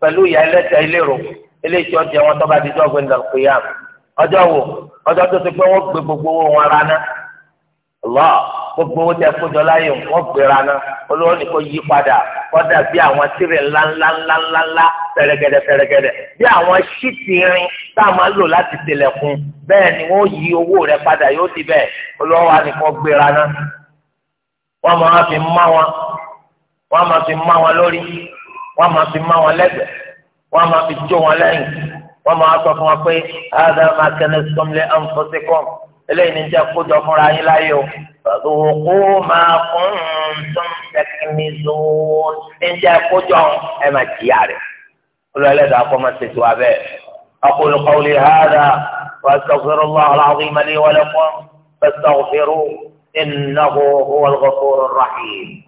pẹ̀lú ìyá ẹlẹ́tẹ̀ ìlérò eléyìí jẹ wọn tó bá di dọ́gbìn ọjọ́ wo ọjọ́ tó ti pé gbé gbogbo owó gbogbo owó tẹ kójọ láyé wọn gbéra náà olówó ni kò yí padà kódà bí àwọn tìrì ńlá ńlá ńlá ńlá ńlá pẹrẹgẹdẹ pẹrẹgẹdẹ bí àwọn ṣíìtì irin tá a máa lò láti tilẹ̀kùn bẹ́ẹ̀ ni wọ́n yí owó rẹ padà yóò di bẹ́ẹ̀ olówó wa ni kò gbéra náà wọ́n máa fi má wọn wọ́n máa fi má wọn lórí wọ́n máa fi má wọn lẹ́gbẹ̀ẹ́ wọ́n máa fi jó wọn lẹ́yìn wọ́n máa sọ fún wọn pé فذوقوا ما كنتم تكنزون إن جاكوجون أما تياري قل لدى أقوم السجوى به أقول قولي هذا وأستغفر الله العظيم لي ولكم فاستغفروه إنه هو الغفور الرحيم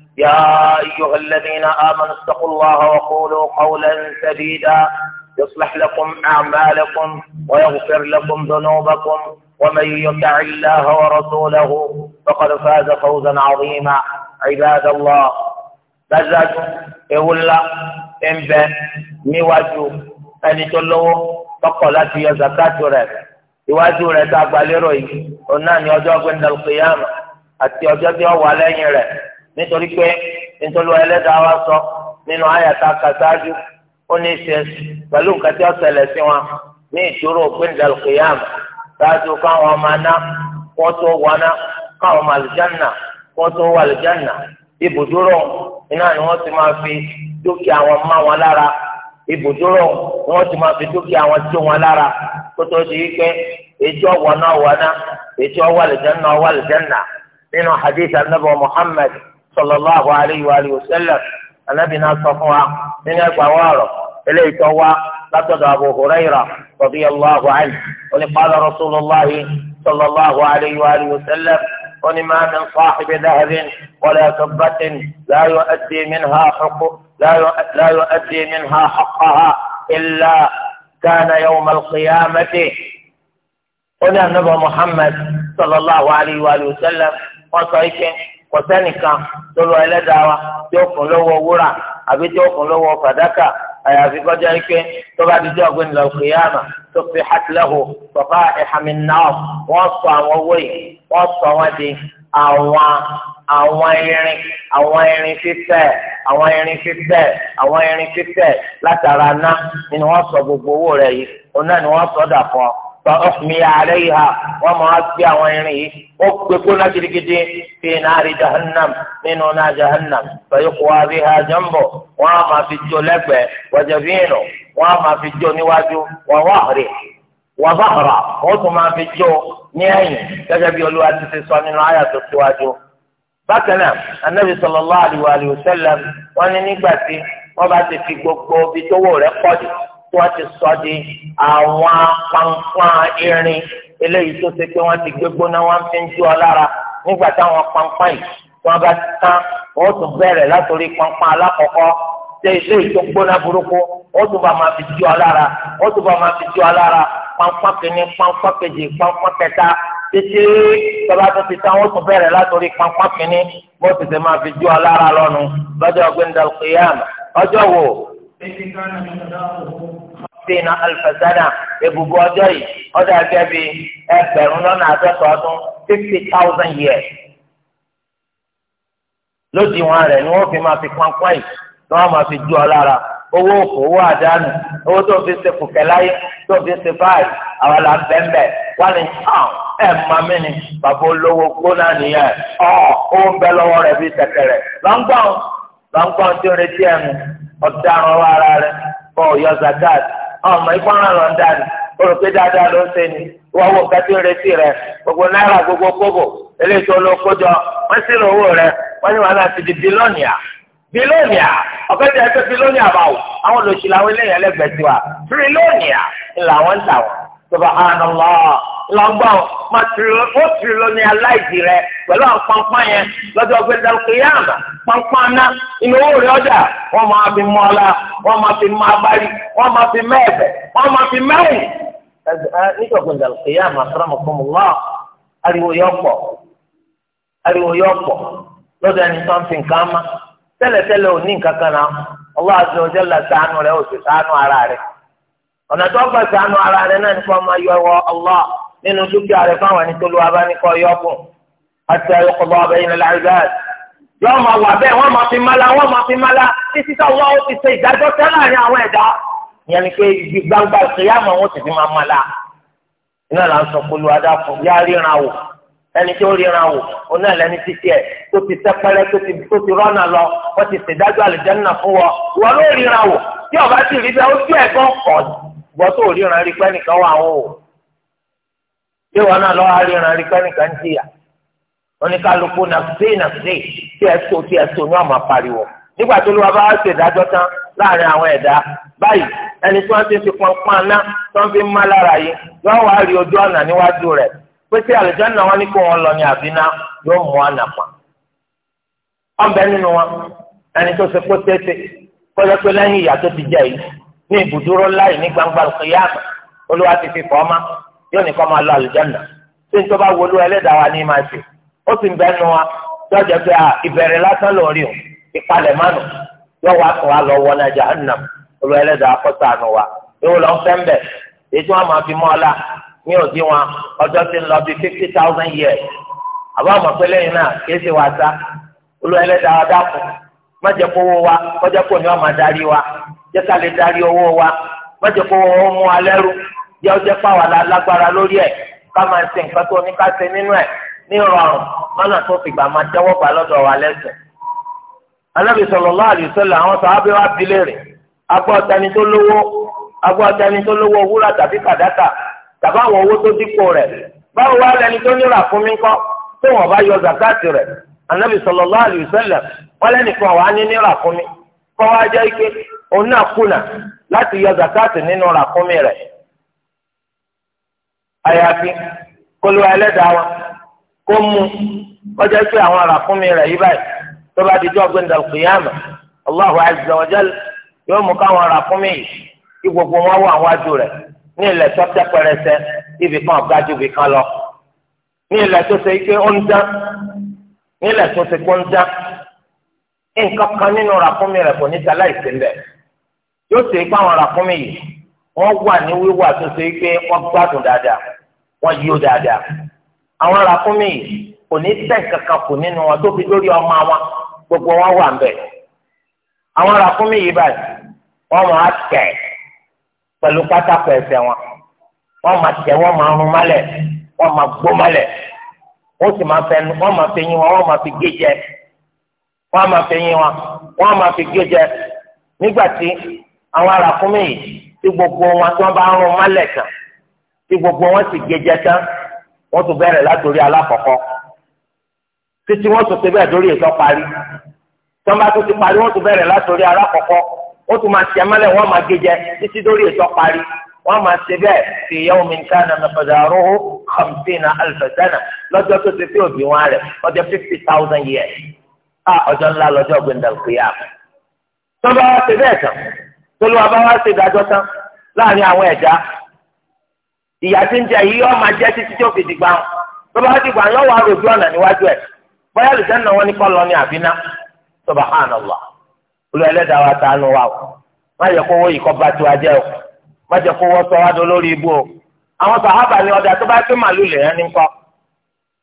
يا أيها الذين آمنوا اتقوا الله وقولوا قولا سديدا يصلح لكم أعمالكم ويغفر لكم ذنوبكم ومن يطع الله ورسوله فقد فاز فوزا عظيما عباد الله بزاد إولا إنبا نواجو أن يتلو فقلت يا زكاة رب يواجو رتاق باليروي أنا نيوجو عند القيامة أتيوجو ولا nítorí pé nítorí ẹlẹ́dàá wa sọ nínú àyàtà kàtàájú ó ní í ṣe pẹ̀lú nǹkan tí sí wọn ní ìṣòro gbẹ̀ndàlù kìyàm ṣáájú káwọn ọmọ aná kó tó wọná káwọn ọmọ àlùjánà kó tó wọ ibùdúró iná ni wọ́n ti máa fi dúkìá wọn má wọn lára ibùdúró ni wọ́n ti máa fi dúkìá wọn jó wọn lára kó tó wípé ètò wọná muhammad. sallallahu alayhi wa alihi wa sallam anabi náà sọ fún wa nínú ẹgbà wàrọ eléyìí tó wá látọ̀dọ̀ abu huraira radiyallahu anhu oní qala rasulullahi sallallahu alayhi wa alihi wa sallam oní ma min sahibi dahabin wala tabbatin la yu'addi minha huqu la yu'addi minha haqqaha illa kana yawm al-qiyamati oní anabi muhammad sallallahu alayhi wa alihi wa sallam wọn sọ ike. kọsẹ́nìkan tó lọ ẹlẹ́dàá wa tí ó kún lọ́wọ́ wúrà àbí tí ó kún lọ́wọ́ fàdákà àyàfi kọjá ike tó bá dijọ́ ọ̀gbìn lọ kìyàmà tó fi hàtìlẹ́hù bàbá ìhàmì náà wọ́n sọ àwọn owó yìí wọ́n sọ wọn di àwọn àwọn irin àwọn irin fífẹ̀ àwọn irin fífẹ̀ àwọn irin fífẹ̀ látara náà ni wọ́n sọ gbogbo owó rẹ̀ yìí òun náà ni wọ́n sọ dà fún ọ fa ọ̀fìmí àárẹ̀ yìí ha wọ́n máa gbé àwọn irin yìí ó gbé gbóná gidigidi fi nàárí jahannam nínú náà jahannam fẹ̀yì kùwà bí ha jọ́mbọ̀ wọ́n á máa fi jó lẹ́gbẹ̀ẹ́ wọ́jọ̀bíìnù wọ́n á máa fi jó níwájú wọ́n wáhìrì wọ́n bàbàrà wọ́n tún máa fi jó ní ẹ̀yìn gẹ́gẹ́ bí olúwa ti ti sọ nínú àyà tó síwájú. anabi sallallahu alayhi wa sallam wọ́n nígbà tí wọ́n bá ti fi gbogbo ibi tó wò rẹ̀ pọ̀ jù wọ́n ti sọ di àwọn pàǹpàǹ irin eléyìí tó ṣe pé wọ́n ti gbégbóná wọ́n fi ń jó ọ lára nígbà táwọn pàǹpàǹ yìí tí wọ́n bá ti tán wọ́n tún bẹ̀rẹ̀ látòrí pàǹpàǹ alákọ̀ọ́kọ́ ṣe eléyìí tó gbóná burúkú wọ́n tún bá máa fi jó ọ lára wọ́n tún bá máa fi jó ọ lára kìíní pàǹpàǹ kejì pàǹpàǹ kẹta títí tọ́lá tó ti tán wọ́n tún bẹ̀rẹ̀ látòrí pàǹpàǹ kìíní wọ́n ti tẹ̀ máa fi jó ọ lọ́nu lọ́jọ́ Sina alfasana ebubu ọjọ́ yìí ọjọ́ àgbẹ̀ bíi ẹgbẹ̀rún lọ́nà àádọ́ta ọdún fifty thousand years. Lódiwọ̀n rẹ̀ ni wọ́n fi máa fi pọ́npọ́n yìí ni wọ́n máa fi ju ọ lára owó òkò owó àdánù owó tó fi ṣe kùkẹ́ láyé tó fi ṣe báyìí àwọn là ń bẹ́ńbẹ́ wọ́n ní tán ẹ̀ má mi ni bàbá olówó gbóná nìyẹn ọ̀ owó ń bẹ lọ́wọ́ rẹ̀ bíi tẹ̀kẹ̀rẹ̀ lọ́ngbọ̀n lọ́ngbọ̀n tí ó retí ẹnu ọ̀daràn wa ara rẹ kọ ọ̀yọ́ zakat ọmọ ìkọ́ràn lọ ń dání olùkọ́ dáadáa ló ń ṣe ni wọ́n wò kẹ́tí retí rẹ gbogbo náírà gbogbo kóbò eléyìí tó ló kójọ wọ́n sì lọ owó rẹ wọ́n ní wọn náà ti di bílọ́ọ̀nìà bílọ́ọ̀nìà ọ̀kẹ́ tí a fẹ́ bílọ́ọ̀nìà bá àwọn olùsìlẹ̀ àwọn eléyìí ẹlẹ́gbẹ̀ẹ́ tiwa bílọ́ọ̀nìà ni làwọn ń tà wọ́n subhanallah lọ́gbọ́n ó tìrì lónìí aláìsí rẹ pẹ̀lú àwọn pọnpọ́n yẹn lọ́jọ́ gbẹdẹ kìyàmà pọnpọ́n ná inú owó rẹ ọjà wọ́n máa fi mọ́lá wọ́n máa fi mọ́ abárí wọ́n máa fi mẹ́ẹ̀bẹ̀ wọ́n máa fi mẹ́rin. níjọ́ gbẹdẹ kìyàmà sọ́rọ́mù fún mi lọ́ọ̀ ariwo yọ pọ̀ ariwo yọ pọ̀ lọ́dọ̀ ẹni tó ń fi nǹkan mọ́ tẹ́lẹ̀tẹ́lẹ̀ ò ní nǹkan kan náà ọlọ́ ọ̀nà tó gbà sànù ara rẹ náà nípa ọmọ yọ wọ Allah nínú dúkìá rẹ fáwọn ẹni tó lu abá ní kọ́ yọkùn àti ayọkọ̀bọ ọbẹ̀ yìí nílẹ̀ àrídáàd yọ máa wà bẹ́ẹ̀ wọ́n máa fi mala wọ́n máa fi mala títí táwọn ó ti ṣe ìdájọ́ tẹ́ láàrin àwọn ẹ̀dá ìyẹn ni pé ibi gbangba ìṣèyàmọ̀ wọn ti fi máa mala iná là ń sọ pé olùwádà fún yá ríran wò ẹni tó ríran wò oná ẹlẹni títí ẹ tó ti sẹpẹrẹ tó ti tó ti rọnà lọ wọ́n ti ṣèdájọ́ àlùjànnà fún wọn wọn ló ríran wò tí ọba ti rí bẹ́ẹ̀ ó tí ẹ̀gbọ́n kọ̀ọ̀dù wọ́n tó ríran rí pẹ́ nìkan wà na o bí wọn náà lọ́wọ́ na rí pẹ́ nìkan ń jìyà oníkálukú nàfẹ́ nàfẹ́ tí ẹ so tí ẹ so ní ọmọ pariwo nígbà tó lọ́wọ́ bá ṣe tán láàrin àwọn ẹ̀dá báyìí ẹni tí wọ́n ti fi pọnpọ́n aná tó ń fi má lára yìí yóò wá rí ojú ọ̀nà níwájú rẹ̀ pé tí àlùjánnà wọn ní kó wọn lọ ní àbíná yóò mú pa. ọ̀bẹ nínú wọn ẹni tó ṣe kó tẹ́tẹ́ kọ́lẹ́pẹ́ lẹ́yìn ìyá tó ti jẹ́ yìí ní ibùdúró láì ní gbangba kìyàmù olúwa ti fi kọ́ ma yóò ní kọ́ máa lọ àlùjáná tí n tó bá wọlé ẹlẹ́dàá wa ní máa a ìbẹ̀rẹ̀ lásán ló o ìpalẹ̀ mánu yọ wá kó wa lọ wọ olúwa ẹlẹ́dàá kọ́ sànù wa lọ fẹ́ ń èyí tí wọ́n máa fi mọ́ ọ lọ jẹ́ ká lè darí owó wa mọ́jọ́ kó wọ́n mú alẹ́ rú jẹ́ ọjọ́ pàwọ́ lágbára lórí ẹ̀ ká máa ṣe nǹkan tó ní ká ṣe nínú ẹ̀ ní ìrọ̀rùn lọ́nà tó fi máa tẹ́wọ́ gbà lọ́dọ̀ wa lẹ́sìn. Ànábì sallallahu alaihi wasallam àwọn sàábẹ́ wa bi léèrè agbọ́ ọ̀tẹni tó lówó agbọ́ ọ̀tẹni tó lówó wúrà tàbí fàdákà tàbí àwọn owó tó dípò rẹ̀ báwo wá lẹni tó ní ràkúnmí kọ́ tó wọ́n bá yọ zakati rẹ̀ Ànábì sallallahu alaihi wasallam wọ́n lẹ́nìkan wà á ní ní ràkúnmí kọ́ wá jẹ́ ike Ona kuna, kùnà láti yọ zakati nínú ràkúnmí rẹ̀ àyàfi kólú ẹlẹ́dàá wọn kó mú kọjá sí àwọn ràkúnmí rẹ̀ yí báyìí tó bá di jọ́ gbẹ̀ndà kìyàmà Allahu azza wa jal yóò mú káwọn ràkúnmí yìí kí gbogbo wọn wọ àwọn adùn rẹ̀ ní ilẹ̀ tó tẹ́ pẹrẹsẹ ibì kan ọ̀gá ju ibì kan lọ ní ilẹ̀ tó ṣe ike ó ń dán ní ilẹ̀ tó ṣe kó ń dán nǹkan kan nínú ràkúnmí rẹ̀ kò ní ta láìsí ń yóò ṣe pé àwọn ràkúnmí yìí gwa wà ní wíwà tó ṣe pé wọ́n gbádùn dáadáa wọ́n yíyó dáadáa àwọn ràkúnmí yìí kò ní kankan kù nínú wọn tó fi lórí ọmọ wọn gbogbo wọn wà ń bẹ̀ àwọn ràkúnmí yìí báyìí wọ́n máa tẹ̀ pẹ̀lú pátákó ẹsẹ̀ wọn wọ́n máa tẹ̀ wọn máa hun mọ́lẹ̀ wọ́n máa gbó mọ́lẹ̀ wọ́n sì máa máa wọn máa fi gé jẹ máa àwọn arákùnmí yìí tí gbogbo wọn tí wọn bá ń rún mọ́lẹ̀ kan tí gbogbo wọn sì gẹjẹ tán wọn tún bẹ̀rẹ̀ látòrí alákọ̀ọ́kọ́ títí wọn tún ti bẹ́ẹ̀ dórí ètò parí tí wọn bá tún ti parí wọn tún bẹ̀rẹ̀ látòrí alákọ̀ọ́kọ́ wọn tún máa ṣẹ mọ́lẹ̀ wọn máa gẹjẹ títí dórí ètò parí wọn máa ṣe bẹ́ẹ̀ fi yawmin kana miqdaruhu khamsina alfa sana lọ́jọ́ tó ti fi òbí wọn rẹ̀ ọjọ́ fifty thousand years ah, ọjọ́ ńlá lọ́jọ́ gbẹndàlùkúyà tọ́ba ti bẹ́ẹ̀ tán. tolu wa bá wá ṣe ìdájọ́ àwọn ẹja ìyá tí ń jẹ yìí yóò máa jẹ títí tí ó fi dìgbà wọn tó bá dìgbà yóò wá rojú ọ̀nà níwájú ẹ̀ bóyá wọn ní kọ́ olú wa wa o má yẹ yìí kọ́ bá sọ wá lórí ibú o àwọn sàhábà ni ọjà tó bá tó màlúù lè yẹn ní kọ́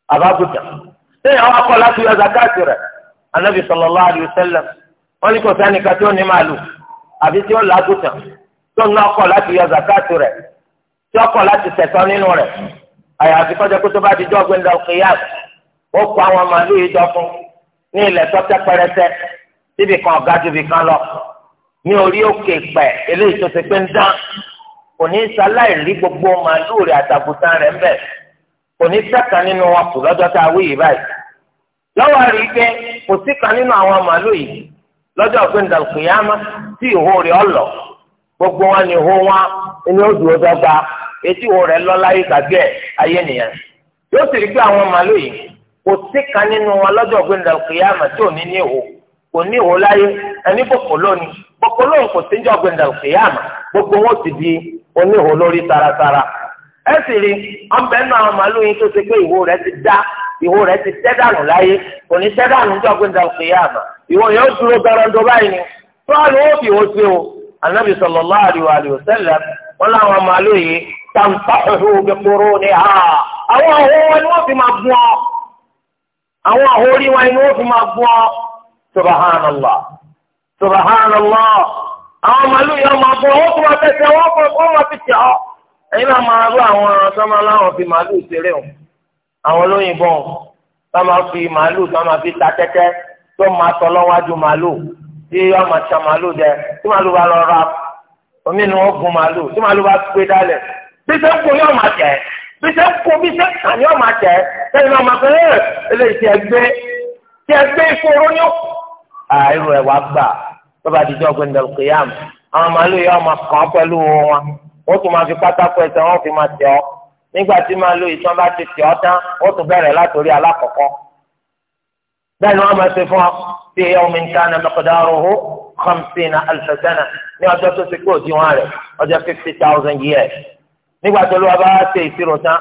àbábùtà lẹ́yìn àwọn akọ àbí tí ó lágùtàn tó ń náà kọ̀ láti yọ zakatu rẹ̀ tí ó kọ̀ láti sẹ̀tọ́ nínú rẹ̀ àyàfi kọjá kó tó bá di dọ́gbẹ́ ńlá kìyàs ó kó àwọn màálù yìí jọ fún ní ilẹ̀ tọ́tẹ́ pẹrẹsẹ síbi kan ọ̀gá ju ibi kan lọ ní orí òkè pẹ̀ eléyìí tó ti pé ń dán kò ní sáláì rí gbogbo màálù rẹ̀ àtàkùtàn rẹ̀ ńbẹ̀ kò ní sẹ́kàn nínú wọn kù lọ́jọ́ tá a wí yìí báyìí lọ́wọ́ rí i pé kò sí nínú àwọn màálù yìí lọ́jọ́ pé ndàlùkìyàmá tí ìhó rẹ̀ ọ̀lọ̀ gbogbo wọn ni ìhó wọn ni ó dúró dọ́gba etí ìhó rẹ̀ ayé nìyẹn yóò sì rí pé àwọn màálù yìí kò sí kan nínú wọn lọ́jọ́ tí ò ní ní ìhó kò ní ìhó láyé ẹni bòkò lónìí bòkò lónìí kò ní ti di oníhó lórí ìwọ yẹn ó dúró gbọrọndọ báyìí ni tó a lò ó fi wọ́n ṣe o anabi sallallahu alaihi wa sallam wọn làwọn màálù yìí tàǹtàhùhù bí kúrú ni ha àwọn àhó wọn ni wọ́n fi máa gbọ́ àwọn àhó orí wọn ni wọ́n fi máa gbọ́ subhanallah subhanallah àwọn màálù yìí wọ́n máa gbọ́ wọ́n tún máa tẹ̀sẹ̀ wọ́n máa fi tẹ̀ ọ́ ẹ̀yin náà máa rú àwọn sọ́mọ aláwọ̀ fi màálù ṣeré o àwọn olóyìnbọn tá fi màálù tá fi ta tẹ́tẹ́ tó máa tọ́ lọ́wájú màálù tí yọ máa tẹ màálù jẹ tí màálù bá lọ ra omi ni wọ́n gun màálù tí màálù bá gbé dálẹ̀ bí sẹ́ ń kó yọ máa tẹ̀ bí sẹ́ ń kó bí sẹ́ ń kà yọ máa tẹ̀ sẹ́yìn náà máa fẹ́ ẹ̀ eléyìí tí ẹ gbé tí ẹ gbé ìfowó ní ó. àìrò ẹ̀ wá gbà bàbá àdìjọ́ gbẹ̀ndẹ̀lùkìyàmù àwọn màálù yọ máa kàn pẹ̀lú wọn wọ́n tún máa fi pátákó ẹsẹ̀ wọn fi máa tẹ̀ ọ́ nígbà tí màálù ìtàn bá ti tẹ̀ ọ́ tán wọ́n tún bẹ̀rẹ̀ látòrí alákọ̀ọ́kọ́ bẹ́ẹ̀ ni wọ́n máa ṣe fún ọ bí yawmin kana miqdaruhu khamsina alfa sana ní ọjọ́ tó ti kó òdiwọ̀n rẹ̀ ọjọ́ fifty thousand years nígbà tó lọ́wọ́ bá ṣe ìṣirò tán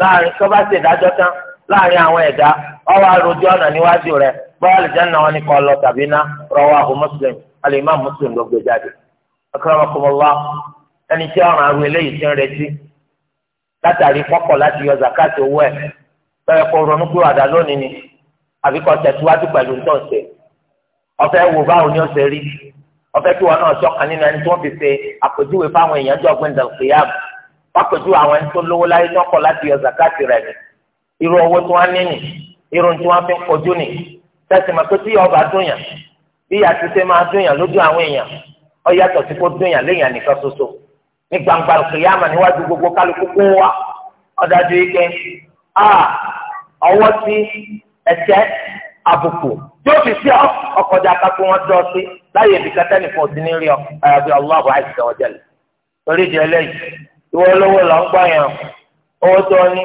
láàrin tó bá ṣe ìdájọ́ tán láàrin àwọn ẹ̀dá ọwọ́ àròjọ ọ̀nà níwájú rẹ̀ bọ́ọ̀lù aljanna wọn ni kọ́ lọ tàbí ná rawahu Muslim al-Imam Muslim ló gbé jáde. akramakumullah àbí kọ́ tẹ̀síwájú pẹ̀lú ń tọ̀sẹ̀ ọ̀fẹ́ wo báwo ni ó ṣe rí ọ̀fẹ́ kí wọn náà ṣọ́kan nínú ẹni tí wọ́n fi ṣe àpèjúwe fáwọn èèyàn jọ gbẹ̀ndà òkèèyàn wákòjú àwọn ẹni tó lówó láyé náà kọ̀ láti yọ zakati rẹ̀ ni irú owó tí wọ́n ní nì irun tí wọ́n fi ń kojú nì tẹ̀sí ma pé tí ọba dúnyàn bí àti ṣe máa dúnyàn lójú àwọn èèyàn ó yàtọ̀ sí kó dúnyàn léèyàn nìkan ṣoṣo ní gbangba òkèèyàn níwájú gbogbo kálukú kó wa ọ̀dájú ike ọwọ́ tí ẹ̀tẹ́ àbùkù tí ó fi sí ọ ọkọjà kakú wọn dọ sí láyé ibìkan tẹnìkan òsì ní rí ọ àyàfi Allahu azza wa jalla torí di eléyìí ìwọ olówó lọ ń gbọ́ yẹn owó tó ní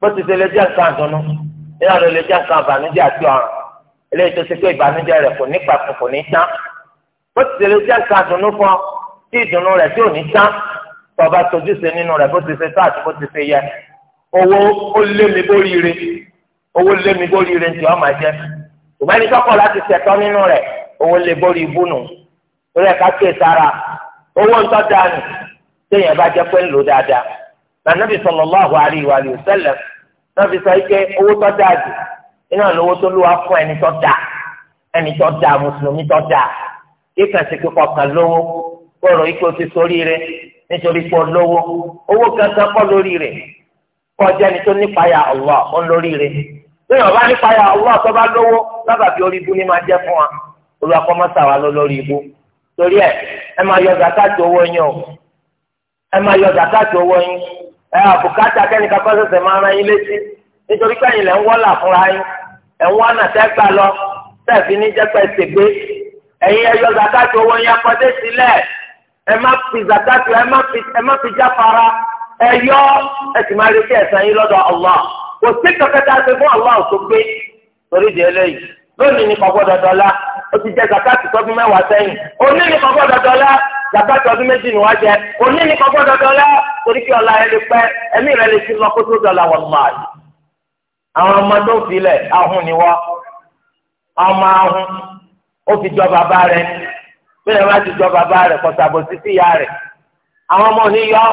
bó ti ṣe lè jẹ́ nǹkan àdùnnú nínú àlọ́ lè jẹ́ nǹkan àbànújẹ́ àti ọ̀ràn eléyìí tó ṣe pé ìbànújẹ́ rẹ̀ kò ní pàtó kò ní tán bó ti ṣe lè jẹ́ nǹkan àdùnnú fún ọ tí ìdùnnú rẹ̀ tí ò ní tán tọba tójúṣe nínú rẹ̀ bó ti ṣe tó àti bó ti ṣe yẹ owó ó lé mi bóríire owó lé mi bórí rẹ̀ ntì ọmọ jẹ́ ìgbẹ́ni tọkọ láti tẹ̀tọ́ nínú rẹ̀ owó lé bórí ibú nù torí ẹ̀ ká ké sára owó ńtọ́ dànù téèyàn bá jẹ́ pé ń lò dáadáa nànàbì sallallahu alaihi wa sallam nàbì sọ ike owó tọ́ dáa jù iná lówó tó lù wá fún ẹni tọ́ dáa ẹni tọ́ dáa mùsùlùmí tọ́ dáa kíkà sí kíkọ kan lówó kọ̀rọ̀ ike o ti sórí rẹ̀ nítorí pọ̀ lówó owó kankan kọ́ lórí rẹ̀ kọjá ẹni tó nípa ya Allah ó ń lórí rẹ̀ lẹ́yìn ọba nípa ya ọwọ́ àtọ́ba lówó lábàbí orí ibú ni máa jẹ́ fún wa ló lórí ibú torí ẹ ẹ máa yọ zakati owó yín ẹ máa yọ zakati owó yín ẹ àbùkátà kẹ́nìkan kọ́ sẹ̀sẹ̀ máa yín létí nítorí kẹ́yìn ń wọ́là fúnra yín ẹ̀ ń wọ́nà lọ ní ẹ̀yin ẹ yọ zakati owó yín akọ́dé sílẹ̀ ẹ má fi zakati ẹ má fi jáfara ẹ yọ ẹ sì kò sí kankan tá a ṣe fún àwọn àwọn tó gbé torí di eléyìí lónìí ní kọ̀kọ́ dọ̀dọ̀lá ó ti jẹ zakati tọdún mẹ́wàá sẹ́yìn òní ní kọ̀kọ́ dọ̀dọ̀lá zakati ọdún méjì ni wọ́n jẹ òní ní kọ̀kọ́ dọ̀dọ̀lá torí kí ọ̀la ẹni pẹ́ ẹ̀mí rẹ̀ lè ti lọ kó tó dọ̀là wọn mọ̀ àyè. àwọn ọmọ tó ń filẹ̀ ahun ni wọ́n ọmọ ahun ó fi jọ bàbá rẹ̀ bẹ́ẹ̀ wọ́n ti jọ bàbá rẹ̀ kọ̀tàbọ̀ sí síyá rẹ̀ àwọn ọmọ òní yọ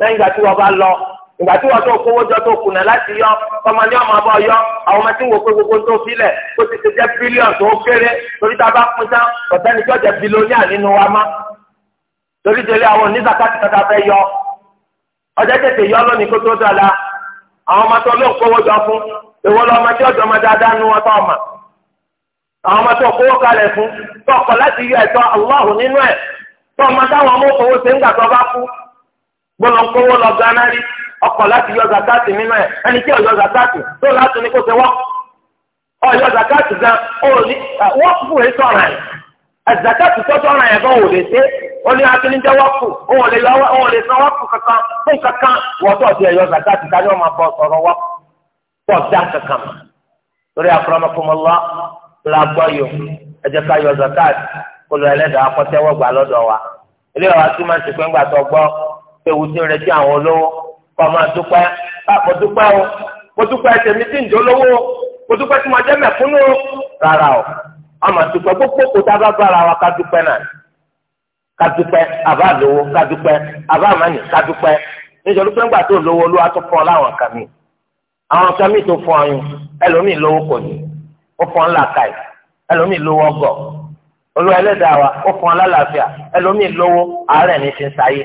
lẹ́yìn ìgbà tí wọ́n bá lọ ìgbà tí wọn tó kówó jọ tó kùnà láti yọ ọmọ ní ọmọ bọ yọ àwọn ọmọ tí wọn pé gbogbo tó filẹ kó ti ti jẹ bílíọ̀nù tó kéré torí tá a bá pín tán bílíọ̀nù nínú wa má torí délé àwọn oníṣàkàtì tata fẹ́ yọ ọjọ́ tètè yọ lónìí kó tó dọ̀la àwọn ọmọ tó ló ń kówó jọ fún ìwọ tí ọjọ́ ọmọ dáadáa nu wọn tó ọmọ àwọn ọmọ tó kówó kalẹ̀ fún tó ọkọ̀ láti yọ gbọ́dọ̀ kówó lọ gánà rí ọkọ̀ láti yọ zakati nínú ẹ̀ ẹni tí ọ̀yọ́ zakati tó láti ní kó ṣe wọ́ ọ̀yọ́ zakati gan òní wọ́pù rẹ̀ sọ̀rọ̀ ẹ̀ ẹ̀zakati tó sọ̀rọ̀ ẹ̀ gan òde ṣe ó ní akíníjẹ́ wọ́pù òun lè yọ òun lè san wọ́pù kankan fún kankan wọ́tọ̀ ti ẹ̀yọ́ zakati ká ní ọmọ bọ̀ sọ̀rọ̀ wọ́pù pọ̀ dá kankan mọ́ torí àfọlọ́mọkùnmọ́lá la gbọ́ yòó ẹ jẹ́ ká yọ zakati olùrẹ̀lẹ́dàá kọ́tẹ́wọ́ gbà lọ́dọ̀ wa ilé ọ̀rọ̀ àti máa pé ńgbà tó gbọ́ ewu tí ń retí àwọn olówó kọ́ máa dúpẹ́ o dúpẹ́ tèmi tí ń o dúpẹ́ tí mo jẹ́ o rárá o dúpẹ́ gbogbo kò a bá bára wa ká dúpẹ́ náà ká dúpẹ́ àbá lówó ká dúpẹ́ àbá ká dúpẹ́ ńgbà tó lówó olúwa wa ó fún ọ lálàáfíà ẹlòmíì lówó àárẹ̀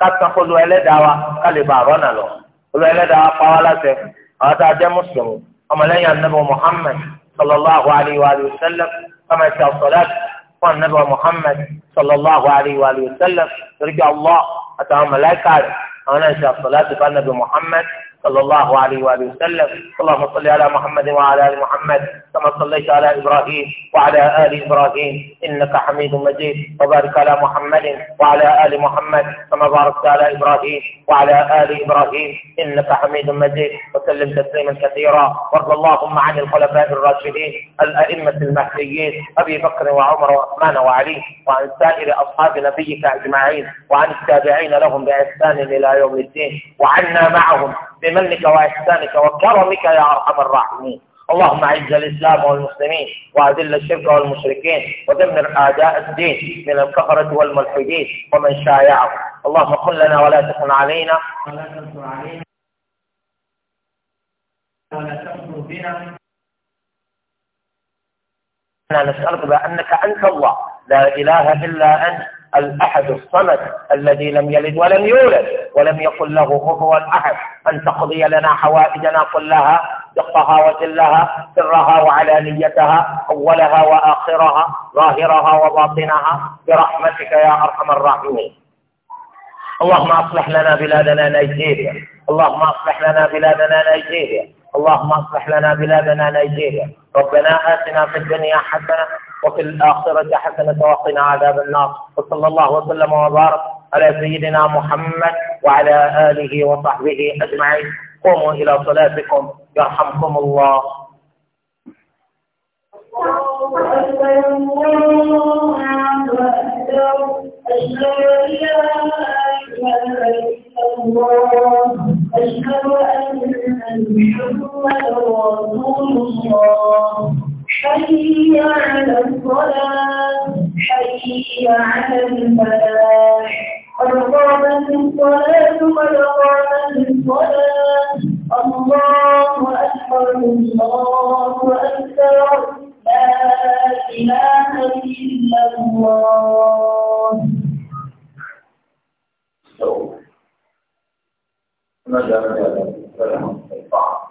kátàkọlù ẹlẹ́dàá wa kálí bá àrọ́nà lọ olú ẹlẹ́dàá wa pa wá láṣẹ àwọn tá a jẹ́ mùsùlùmí ọmọlẹ́yìn anabi muhammed sallallahu alayhi wa sallam kama ṣe ọ̀sọ̀láàtì fún anabi muhammed sallallahu alayhi wa sallam torí pé allah àtàwọn mọ̀lẹ́kà àwọn náà ṣe ọ̀sọ̀láàtì fún anabi muhammed صلى الله عليه وآله وسلم اللهم صل على محمد وعلى آل محمد كما صليت على إبراهيم وعلى آل إبراهيم إنك حميد مجيد وبارك على محمد وعلى آل محمد كما باركت على إبراهيم وعلى آل إبراهيم إنك حميد مجيد وسلم تسليما كثيرا وارض اللهم عن الخلفاء الراشدين الأئمة المهديين أبي بكر وعمر وعثمان وعلي وعن سائر أصحاب نبيك أجمعين وعن التابعين لهم بإحسان إلى يوم الدين وعنا معهم بمنك وإحسانك وكرمك يا أرحم الراحمين اللهم اعز الإسلام والمسلمين وأذل الشرك والمشركين ودمر أعداء الدين من الكفرة والملحدين ومن شايعهم اللهم قل لنا ولا تكن علينا ولا تكن علينا ولا تكن بنا نسألك بأنك أنت الله لا إله إلا أنت الأحد الصمد الذي لم يلد ولم يولد ولم يقل له كفوا أحد أن تقضي لنا حوائجنا كلها دقها وجلها سرها وعلانيتها أولها وآخرها ظاهرها وباطنها برحمتك يا أرحم الراحمين اللهم أصلح لنا بلادنا نيجيريا اللهم أصلح لنا بلادنا نيجيريا اللهم أصلح لنا بلادنا نيجيريا ربنا آتنا في الدنيا حسنة وفي الآخرة حسنة وقنا عذاب النار وصلى الله وسلم وبارك على سيدنا محمد وعلى آله وصحبه أجمعين قوموا إلى صلاتكم يرحمكم الله أشهد أن محمدا رسول الله حي على الصلاة حي على الفلاح قد قامت الصلاة قد قامت الصلاة الله أكبر الله أكبر لا إله إلا الله So, another, another, another,